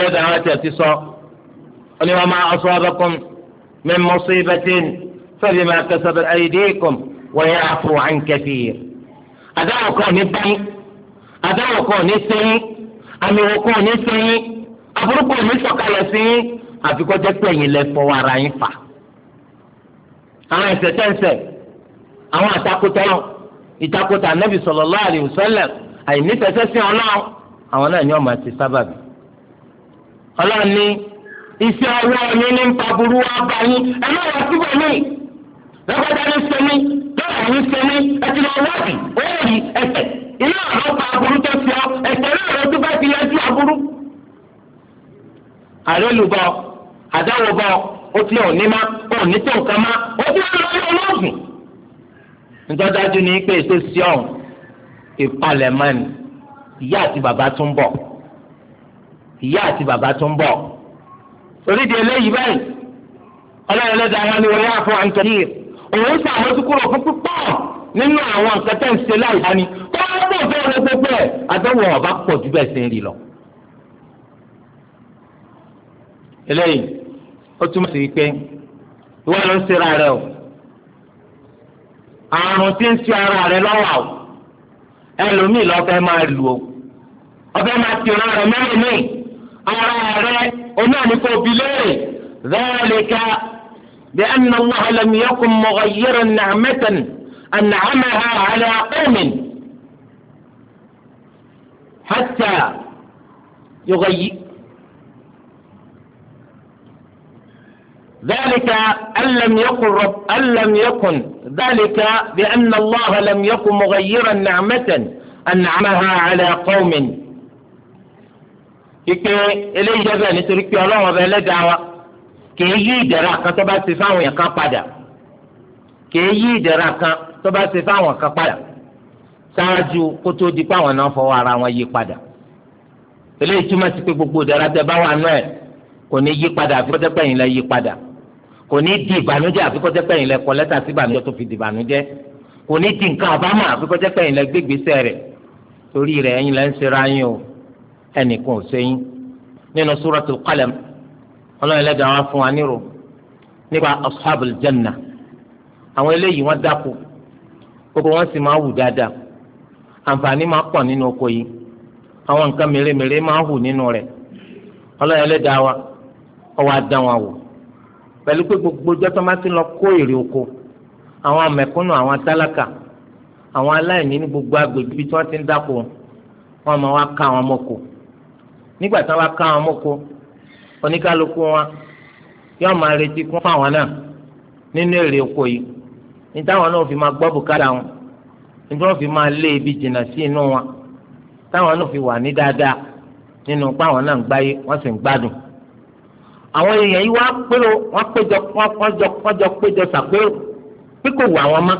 إلا وما أصابكم من مصيبة فبما كسب أيديكم ويعفو عن كثير Ada kan ní báyìí àdáwò kan ní sẹ́yìn àmìwò kan ní sẹ́yìn àbúrúkọ ní sọ̀kalẹ̀ sí àfikọ́ jẹ́ pé ara yín fà àwọn ẹ̀ṣẹ̀ tẹ́ǹṣẹ̀ àwọn àtakùtẹ́lọ̀ ìtakùtà anábì sallallahu alaihi wasallam àìnífẹsẹ̀ sí àwọn náà ti sábàbí ọlọ́run ní iṣẹ́ ọwọ́ mi ní ẹ̀yìn sẹ́ni ẹtì lọ wọ́ọ̀dì wọ́ọ̀dì ẹsẹ̀ iná ọ̀rọ̀ pa aburú tó fi ọ ẹsẹ̀ náà lọ tó bá ti yanjú aburú. ààrẹ lù bọ àdáwò bọ ó ti ọ̀ ní má ó ní tó nǹkan má ó ti lọ lọ lọ́ọ̀gùn. ntọ́jájú ni pé ètò sí ọ̀hún ìpalẹ̀mọ́ ni ìyá àti bàbá tún bọ̀ ìyá àti bàbá tún bọ̀ orídìí eléyìí báyìí ọlọ́run lẹ́dàá wọn ni wọ́n yá fún àǹtọ́yìí òun ṣàmójúkúrò fún púpọ̀ nínú àwọn nǹkan tẹ̀ ń ṣe láìsá ni tó bá tó fẹ́ lọ gbogbo ẹ̀ àtẹ̀wọ̀ ọ̀bá pọ̀ jù bẹ́ẹ̀ ṣe ń rí lọ. eléyìí ó túmọ̀ sí pé ìwọ ló ń ṣera rẹ o àrùn tí ń ṣe ara rẹ lọ́wọ́ o ẹlòmíì lọ́fẹ́ máa lù o ọfẹ́ máa ti ọ̀rọ̀ rẹ mẹ́rin mi ara rẹ onáà ní kò fi léèrè rẹ́ẹ̀lì ká. بأن الله لم يكن مغيرا نعمة أنعمها على قوم حتى يغير ذلك أن لم يكن رب أن لم يكن ذلك بأن الله لم يكن مغيرا نعمة أنعمها على قوم ike eléyìí جبل تركي الله pé ọlọ́run kìí yí ìdẹ̀ra kan tó bá ṣe fáwọn èèyàn kan padà kìí yí ìdẹ̀ra kan tó bá ṣe fáwọn kan padà ṣáájú kó tó di pé àwọn náà fọwọ́ ara wọn yí padà eléyìí túmọ̀ sí pé gbogbo ìdẹ̀ra tẹ bá wà nù ẹ̀ kò ní yí padà àfi kọ́tẹ́ pẹ̀yìn lẹ yí padà kò ní di ìbànújẹ́ àfi kọ́tẹ́ pẹ̀yìn lẹ kọ lẹ́tà sí ìbànújẹ́ tó fi di ìbànújẹ́ kò ní di nǹkan àbámọ̀ àfi kọ́tẹ́ pẹ̀yìn lẹ gbégbèsè rẹ̀ torí rẹ̀ ẹ̀yin lẹ́ ń ṣera yín o ẹnìkan ò ṣe yín nínú Suratul Qalam ọlọ́run ẹlẹ́dàá wọn fún wa nírò nípa ashabul janna àwọn eléyìí wọ́n dáko gbogbo wọn sì máa wù dáadáa àǹfààní máa pọ̀ nínú oko yìí àwọn nǹkan mèremère máa hù nínú rẹ̀ ọlọ́run ẹlẹ́dàá wa ọwọ́ adá wọn wò pẹ̀lú pé gbogbo jọ́tọ́ máa ti lọ kó èrè oko àwọn amẹ̀kúnnù àwọn tálákà àwọn aláìní ní gbogbo agbègbè tí wọ́n ti ń dáko wọn máa wá ká àwọn ọmọkò nígbà tí ká àwọn ọmọkò oníkálukú wọn yóò máa retí kún fáwọn náà nínú èrè oko yìí ní táwọn náà fi máa gbọ́ bùkátà wọn ní tí wọ́n fi máa lé ibi jìnnà sí inú wọn táwọn náà fi wà ní dáadáa nínú páwọn náà ń gbáyé wọ́n sì ń gbádùn. àwọn èèyàn yìí wá pérò wọ́n péjọ pọ́njọ pọ́njọ péjọ sàpérò pé kò wù àwọn mọ́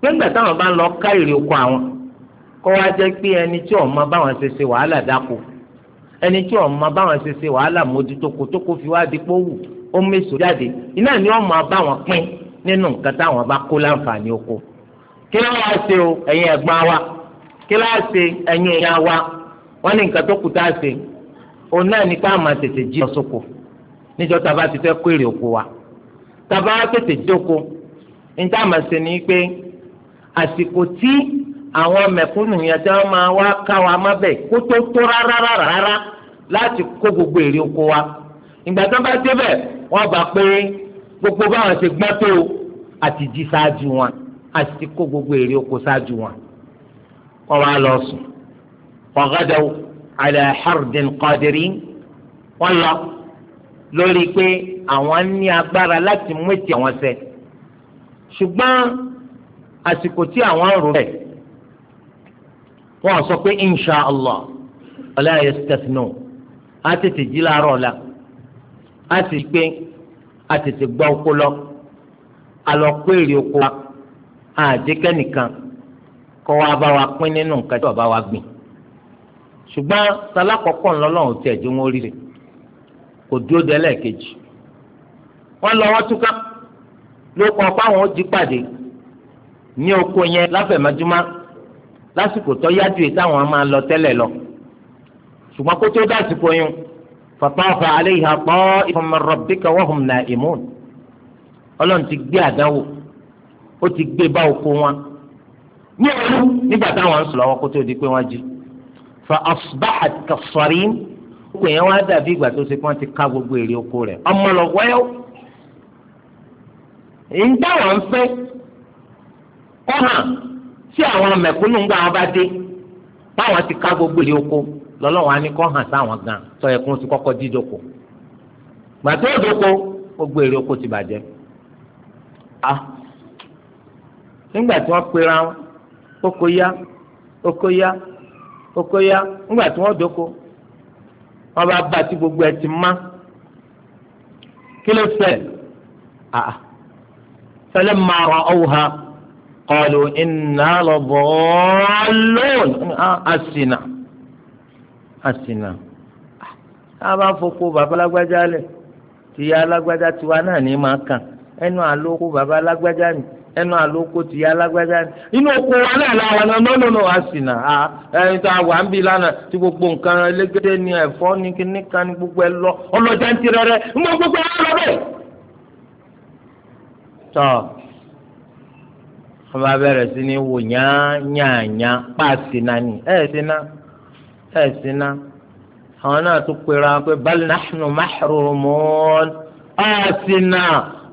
pé ńgbà táwọn bá lọ ká èrè oko àwọn kó wá jẹ́ pé ẹni tí ò báwọn ṣe ṣe wàhálà dáko ẹni tí ọ̀ ma báwọn ṣe ṣe wàhálà mójútó kó tó fi wá di pé wù ó méso jáde iná ni ọ̀ ma báwọn pín nínú nǹkan táwọn bá kó láǹfààní oko kí ló wá ṣe o ẹ̀yin ẹ̀gbọ́n wa kí ló wá ṣe ẹ̀yin ẹ̀yà wa wọ́n ní nǹkan tó kù tá a ṣe òun náà ní ká máa tètè jí ọ̀sọ́kò níjọ́ tá a bá ti fẹ́ kó èrè oko wa tá a bá tètè jókòó ní tá a máa ṣe ni pé àsìkò tí àwọn mẹ̀kúnnù yẹn tí wọ́n máa wá ká wa má bẹ̀ kó tó tó rárá rárá rárá láti kó gbogbo èrè oko wa ìgbà tó bá débẹ̀ wọ́n bá pé gbogbo báwọn ṣe gbọ́n tó àti jí ṣáájú wọn àti ti kó gbogbo èrè oko ṣáájú wọn kọ́ wa lọ sùn fọ̀gádàwó àlẹ́ hardin qadirin wọ́n lọ lórí pé àwọn ní agbára láti mú ètì àwọn ṣẹ ṣùgbọ́n àsìkò tí àwọn ń rò rẹ̀ wọ́n sọ pé insha allah wala yastasnu á tètè jí láàárọ̀ ọ̀la á sì pé á tètè gbọ́ oko lọ á lọ kó èrè oko wa á jẹ́kẹ́ nìkan kọ́ wa bá wa pín nínú nǹkan tí ọba wa gbìn ṣùgbọ́n sálákọ̀ọ́kọ́ ńlọ́lọ́run tiẹ̀ dín wọn rí kò dúró délẹ̀ kejì wọ́n lọ wọ́n túká ló kọ́ fáwọn ó jí pàdé ní oko yẹn láfẹ̀mọ́júmọ́ lásìkò tó yájú èyí táwọn máa lọ tẹ́lẹ̀ lọ ṣùgbọ́n kó tó dásìkò yín fatafa alayha ta'ifun min rabbika wa hum na'imun ọlọ́run ti gbé àdáwò ó ti gbé bá oko wọn ní ọlú nígbà táwọn ń sùn lọ́wọ́ kó tó di pé wọ́n jí fa asbahat kasarim oko yẹn wá dàbí ìgbà tó ṣe pé wọ́n ti ká gbogbo èrè oko rẹ̀ ọmọ lọ wẹ́ẹ́ èyí táwọn ń fẹ́ ọ̀hàn tí àwọn mẹ̀kúnnù ń gbà wọn bá dé báwọn ti ká gbogbo èrè oko. lọ́lọ́wọ́ á ní kọ́ hàn sáwọn gan sọ ẹ̀kún ti kọ́kọ́ dídoko gbàtí ó doko ó gbé ti bàjẹ́ a nígbà tí wọ́n pera wọn oko ya oko ya oko ya nígbà tí wọ́n doko wọ́n bá gbogbo ẹ̀ ti má kí ló fẹ́ a fẹlẹ́ máa rọ ha àsìnà a bá fọkọ bàbá alágbájá lẹ̀ tìyá alágbájá tiwa náà ní máa kàn ẹnu àlòkù bàbá alágbájá ni ẹnu àlòkù tìyá alágbájá ni inú oko wa náà làwọn náà nọ́ọ̀nù náà àsìnà ẹni tó gbogbo nǹkan elégédé ni ẹ̀fọ́ ni kíní kan gbogbo ẹ lọ ọlọ́jà ń tirẹ̀ rẹ̀ ń bọ́ gbogbo ẹ lọ bẹ́ẹ̀. tọ́ ọba ẹ̀ síná àwọn náà tún pera pé bal nahnu mahrumun ẹ̀ síná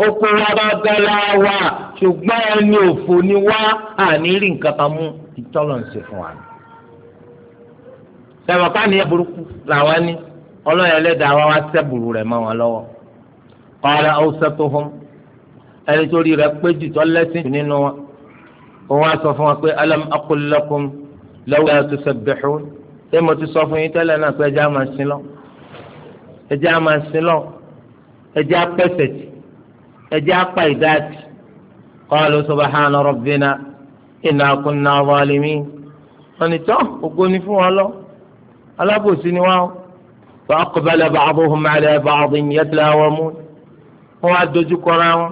ó pera bá gbẹ́lá wa ṣùgbọ́n ẹni òfò ni wá àní rí nǹkan kan mú ìtọ́lọ̀ ń ṣe fún wa. sẹ́wọ̀n ká ní burúkú làwọn ní ọlọ́yẹ̀ ẹlẹ́dàá wa wá sẹ́bùrù rẹ̀ mọ́ wọn lọ́wọ́ qala awsatuhum ẹni tó rí rẹ̀ pé jùtọ́ lẹ́sìn nínú wọn. òun á sọ fún wa pé alam aqul lakum lawla tusabbihun ṣé mo ti sọ fún yín tẹ́lẹ̀ náà pé ẹjẹ́ á máa sin lọ ẹjẹ́ á máa sin lọ ẹjẹ́ á pẹ̀sẹ̀ tì ẹjẹ́ á pa ìdá tì qalu subhana rabbina inna kunna ọ̀nìtọ́ ògo ni fún wọn lọ alábòsí ni wọn fa aqbala ba'duhum ala ba'din yatlawamun wọn wá dojú kọra wọn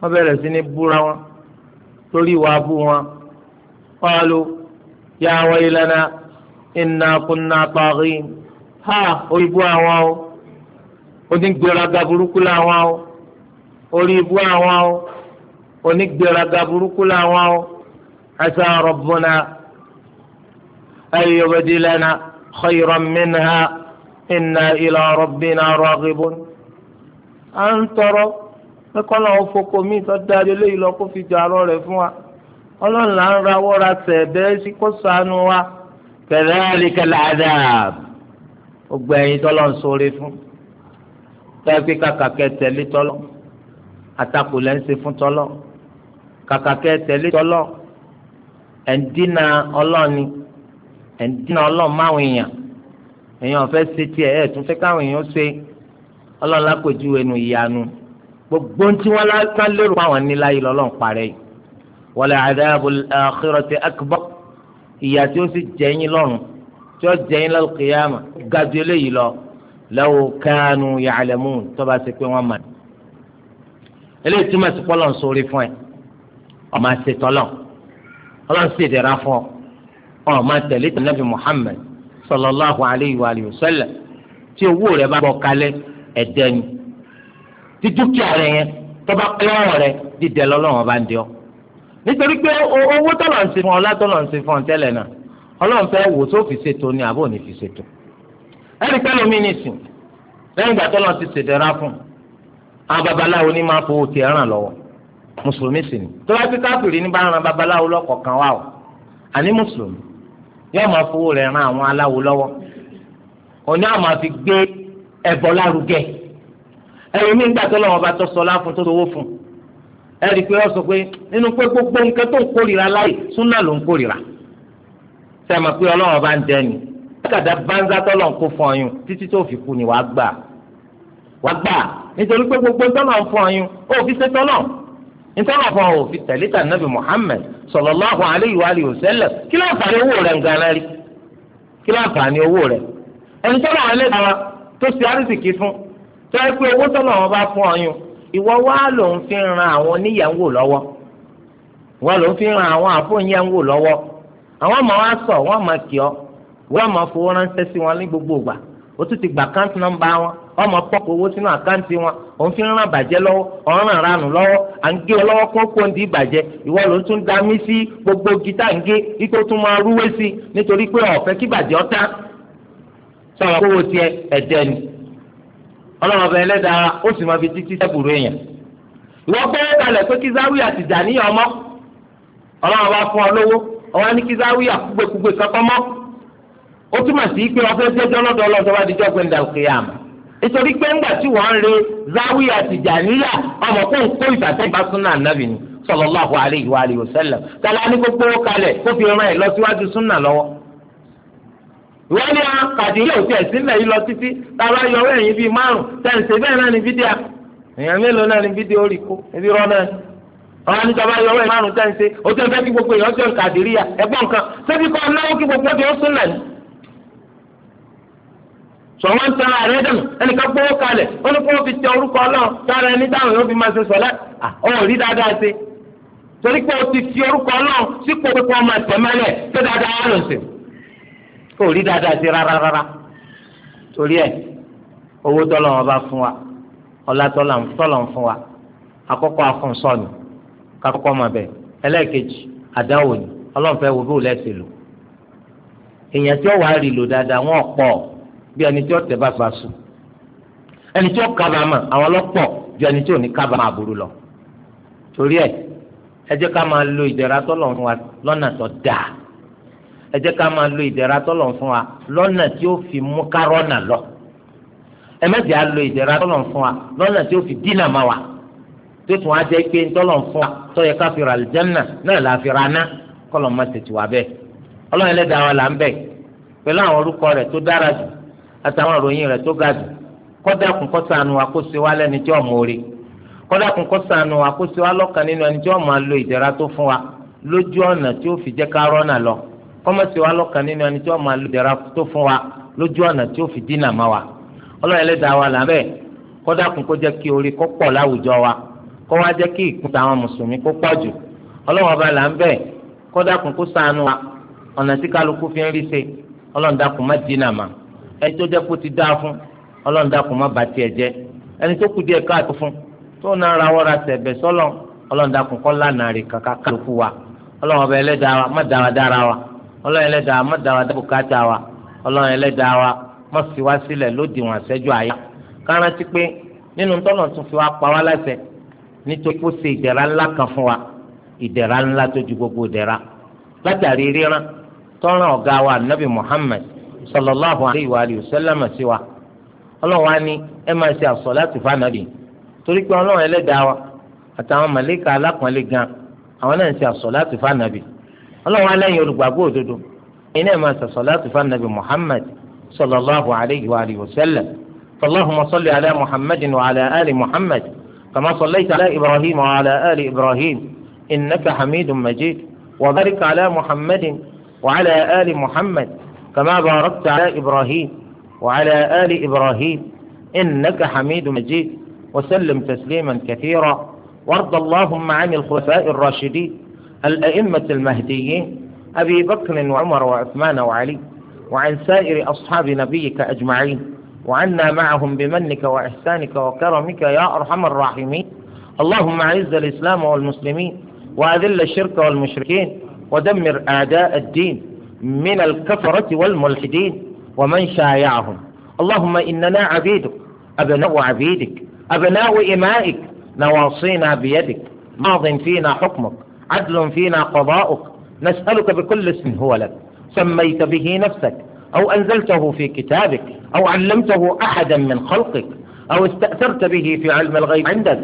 wọn bẹ̀rẹ̀ sí ní búra wọn lórí ìwà abú wọn qalu ya waylana inna kunna taghin ha orí ibú àwọn o onígbéraga burúkú làwọn o orí ibú àwọn o onígbéraga burúkú làwọn o asa rabbuna ay yubdilana khayran minha inna ila rabbina raghibun à ń tọrọ kọ́nà òfoko mi tó dáadé lọ kó fi jọ àlọ́ rẹ̀ fún wa ọlọ́run là ń rawọ́ ra sẹ̀ẹ́bẹ́ sí kó ṣàánú wa kadhalika al-adhab gbogbo ẹ̀yin tọ́lọ̀ ń sọ̀rọ̀ fún tẹ́ẹ̀kì kàkàkẹ́ tẹ̀lé tọ́lọ̀ àtakò lẹ́ ń ṣe fún tọ́lọ̀ kàkàkẹ́ tẹ̀lé tọ́lọ̀ ẹ̀ńdínà ọlọ́ọ̀ni ẹ̀ńdínà ọlọ́ọ̀ máwọn èèyàn èèyàn fẹ́ ṣe tiẹ̀ ẹ̀ tún fẹ́ káwọn èèyàn ṣe ọlọ́ọ̀ lápèjú ẹnu ìyanu gbogbo tí wọ́n lérò fáwọn níláyìí lọ́lọ́ọ̀ parẹ́ yìí wala adhabul akhirati ìyà tí ó sì jẹyìn lọ́rùn tí ó jẹyìn lálùkìyàmà gàdú eléyìí lọ law kanu ya'lamun tó bá ṣe pé wọ́n mọ̀ eléyìí túmọ̀ sí pọ́lọ̀ ń sórí fún ẹ ọmọ àṣetọ́lọ̀ ọlọ́run sì dẹ̀ra fún ọ ọmọ àtẹ̀lé tó nàbì Muhammad sallallahu alayhi wa alihi wa sallam tí owó rẹ bá bọ̀ kalẹ̀ ẹ̀dẹ́ni tí rẹ yẹn tó bá pẹ́ dídẹ lọ́lọ́wọ́ bá ń dẹ́ ọ́ nítorí pé owó tọ́lọ̀ ń ṣe fún ọ fún ọ tẹ́lẹ̀ náà ọlọ́run fẹ́ wò tó fi ṣètò ni àbò ní fi ṣètò ẹnì pẹ́ lómi ní lẹ́yìn ìgbà tọ́lọ̀ ti fún àwọn babaláwo ní máa fowó tiẹ̀ ràn lọ́wọ́ mùsùlùmí sì ni tó bá ti káfìrí ní bá ran babaláwo lọ́kọ̀ọ̀kan wà o àní mùsùlùmí yóò máa fowó rẹ̀ ran àwọn aláwo lọ́wọ́ òní àwọn máa fi gbé lárugẹ mi ń gbà bá tọ́ tó lówó ẹ̀rí pé wọ́n sọ pé nínú pé gbogbo nǹkan tó ń kórìíra láyè súnà ló ń kórìíra sẹ́mi pé ọlọ́run bá ń dẹni kàdá bánzá tọ́lọ̀ ń kó fún ọyún títí tó fi kú ni wàá gbà wàá gbà nítorí pé gbogbo tọ́lọ̀ ń fún ọyún ó fi ṣe tọ́lọ̀ nítorí fún ọ fi tẹ̀lé tà nàbì Muhammad sallallahu alayhi wa alihi wa sallam kí ló ń fa ní owó rẹ̀ ń ganan rí kí ló ń fa owó rẹ̀ ẹni tọ́lọ̀ wọn lé tó ṣe àrísìkí fún tọ́lọ̀ wọn bá fún ọyún ìwọ wá ló ń fi ran àwọn oníyàwó lọ́wọ́ ìwọ ló ń fi ran àwọn àfọ̀nyẹ̀wò lọ́wọ́ àwọn ọmọ wa sọ wọn máa kì ọ wọn máa fowó ránṣẹ́ sí wọn ní gbogbo ìgbà tún ti gba àkáǹtì nọ́mbà wọn ọmọ pọ́pọ̀ owó sínú àkáǹtì wọn òun fi ran bàjẹ́ lọ́wọ́ ràn lọ́wọ́ à ń gé ọ lọ́wọ́ kó kó ń sí gbogbo gita ń gé tún máa rúwé pé ọ̀fẹ́ kí ọlọ́run ọba ẹlẹ́dàá ó sì máa fi títí sẹ́kùrú èèyàn ìwọ gbọ́wọ́ kalẹ̀ pé kí záwíyà ti dà níyà ọmọ ọlọ́run ọba fún ọ lówó ọwọ́ ní kí záwíyà kankan mọ́ ó túmọ̀ sí pé ọfẹ́ jẹ́jọ́ lọ́dọ̀ ọlọ́dọ̀ bá dijọ́ pé ń da òkè àmà pé ńgbà tí wọ́n ń re ti dà níyà ọmọ kó ń kó ìtàtẹ́ súnà ni wa wọ́n ní àkàdéyà òtí ẹ̀sìn náà yìí lọ títí táwa yọ ọwọ́ ẹ̀yìn bíi márùn tẹ̀sí bẹ́ẹ̀ náà ní fídíà èèyàn mélòó náà ní fídíà orí kó ebi rọ náà àwọn àníjọ bá yọ ọwọ́ ẹ̀yìn márùn tẹ̀sí o tẹ́ fẹ́ kí gbogbo èèyàn jọ nkàdéyà ẹgbọ́n kan sẹ́bi kọ́ náwó kí gbogbo èèyàn sún náà ní. sọ wọn tẹ ara rẹ dànù ẹnìkan gbowó kalẹ̀ ó ní kó fi tẹ orúkọ Ọlọ́run tára ẹni dáhùn yóò fi máa ṣe sọlá ọ rí dáadáa ṣe torí pé o ti fi orúkọ Ọlọ́run sípò pé kó máa tẹ̀ mẹ́lẹ̀ tó dáadáa wà lọ́sẹ̀. kò rí dáadáa sí rárá rárá torí ẹ̀ owó tọ́lọ̀ ọba fún wa ọlá tọ́lọ̀ ń fún wa àkọ́kọ́ afúnsọ́ni kakọ́kọ́ máa bẹ̀ ẹlẹ́ẹ̀kejì àdáwò ni ọlọ́run fẹ́ wo bí òun lò èèyàn tí ó wàá rí lò dáadáa wọn pọ̀ bí ẹni tí ó tẹ̀ bá fa sùn ẹni tí ó àwọn ọlọ́pọ̀ ju ẹni ẹ jẹ́ ká máa lo ìdẹ̀ra tọ́lọ̀ fún wa lọ́nà tí ó fi mú kárọ́nà lọ ẹ má jẹ́ á lo ìdẹ̀ra tọ́lọ̀ fún wa lọ́nà tí ó fi dínà má wa tó tún á jẹ́ pé tọ́lọ̀ fún wa tó yẹ ká fi ra àlìjánà náà là á fi ra ná kọ́lọ̀ má tètè wá bẹ́ẹ̀ ọlọ́run ẹlẹ́dàá wa là ń bẹ̀ pẹ̀lú àwọn orúkọ rẹ̀ tó dára jù àtàwọn ìròyìn rẹ̀ tó ga jù kọ́dàkùn wa kó lo kọ́mọ̀sí wa lọ́kàn nínú ẹni tí wọ́n máa lo ìdára tó fún wa lójú ọ̀nà tí ó fi dínà wa ọlọ́run ẹlẹ́dàá wa là bẹ́ẹ̀ kódà kún kó jẹ́ kí orí kó pọ̀ láwùjọ wa kó wá jẹ́ kí ìkúta àwọn mùsùlùmí kó pọ̀ jù ọlọ́run ọba là ń bẹ́ẹ̀ kún kó wa ọ̀nà tí kálukú fi ń rí ṣe ọlọ́run dákun má dínà má ẹni tó jẹ́ kó ti dáa fún ọlọ́run dákun má bà tiẹ̀ jẹ́ ẹni tó kù díẹ̀ káàtó fún tó náà sẹ̀bẹ̀ ọlọ́run kọ́ lánàá rè kàkà kálukú wa ọlọ́run ọba ẹlẹ́dàá wa má wa ọlọ́run ẹlẹ́dàá má dá wa dá bùkátà wa ọlọ́run ẹlẹ́dàá wa má fi wá sílẹ̀ lódì wọn àṣẹjù àyà kárántí pé nínú tọ́nà tún fi wá pa wá láṣẹ nítorí kó ṣe ìdẹ̀ra ńlá kan fún wa ìdẹ̀ra ńlá tó ju gbogbo ìdẹ̀ra látàrí ríran tọ́ran ọ̀gá wa nabi muhammed sallallahu alayhi wa sallam sí wa ọlọ́run wa ní ẹ máa ṣe àsọ̀láàtì fánàbì torí pé ọlọ́run ẹlẹ́dàá wa àtàwọn màlẹ́kà alákùnrin gan àwọn náà ń ṣe àsọ̀láàtì fánàbì. ọlọ́run alẹ́yìn olùgbàgbọ́ òdodo iná ẹ̀ máa ṣe láti fún anabi muhammed sallallahu alayhi wa alihi wa sallam allahumma salli ala muhammadin wa ala ali muhammed kama sallaita ala ibrahim wàhálà ala ali ibrahim innaka hamidu majid wa barik ala muhammadin wa ala ali muhammad kama bàrọ́tà alẹ́ ibrahim wàhálà ala ali ibrahim innaka hamidu majid وسلم تسليما كثيرا وارض اللهم عن الخلفاء الراشدين الأئمة المهديين أبي بكر وعمر وعثمان وعلي وعن سائر أصحاب نبيك أجمعين وعنا معهم بمنك وإحسانك وكرمك يا أرحم الراحمين اللهم أعز الإسلام والمسلمين وأذل الشرك والمشركين ودمر أعداء الدين من الكفرة والملحدين ومن شايعهم اللهم إننا عبيدك أبناء عبيدك أبناء إمائك نواصينا بيدك ماض فينا حكمك عدل فينا قضاؤك نسألك بكل اسم هو لك سميت به نفسك أو أنزلته في كتابك أو علمته أحدا من خلقك أو استأثرت به في علم الغيب عندك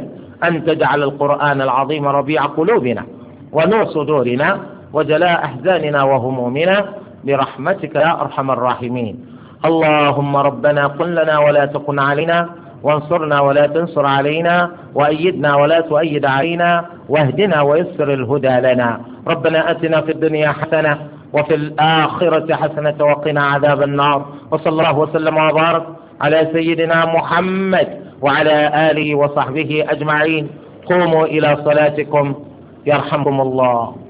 أن تجعل القرآن العظيم ربيع قلوبنا ونور صدورنا وجلاء أحزاننا وهمومنا برحمتك يا أرحم الراحمين اللهم ربنا قل لنا ولا تكن علينا وانصرنا ولا تنصر علينا وأيدنا ولا تؤيد علينا واهدنا ويسر الهدى لنا ربنا أتنا في الدنيا حسنة وفي الآخرة حسنة وقنا عذاب النار وصلى الله وسلم وبارك على سيدنا محمد وعلى آله وصحبه أجمعين قوموا إلى صلاتكم يرحمكم الله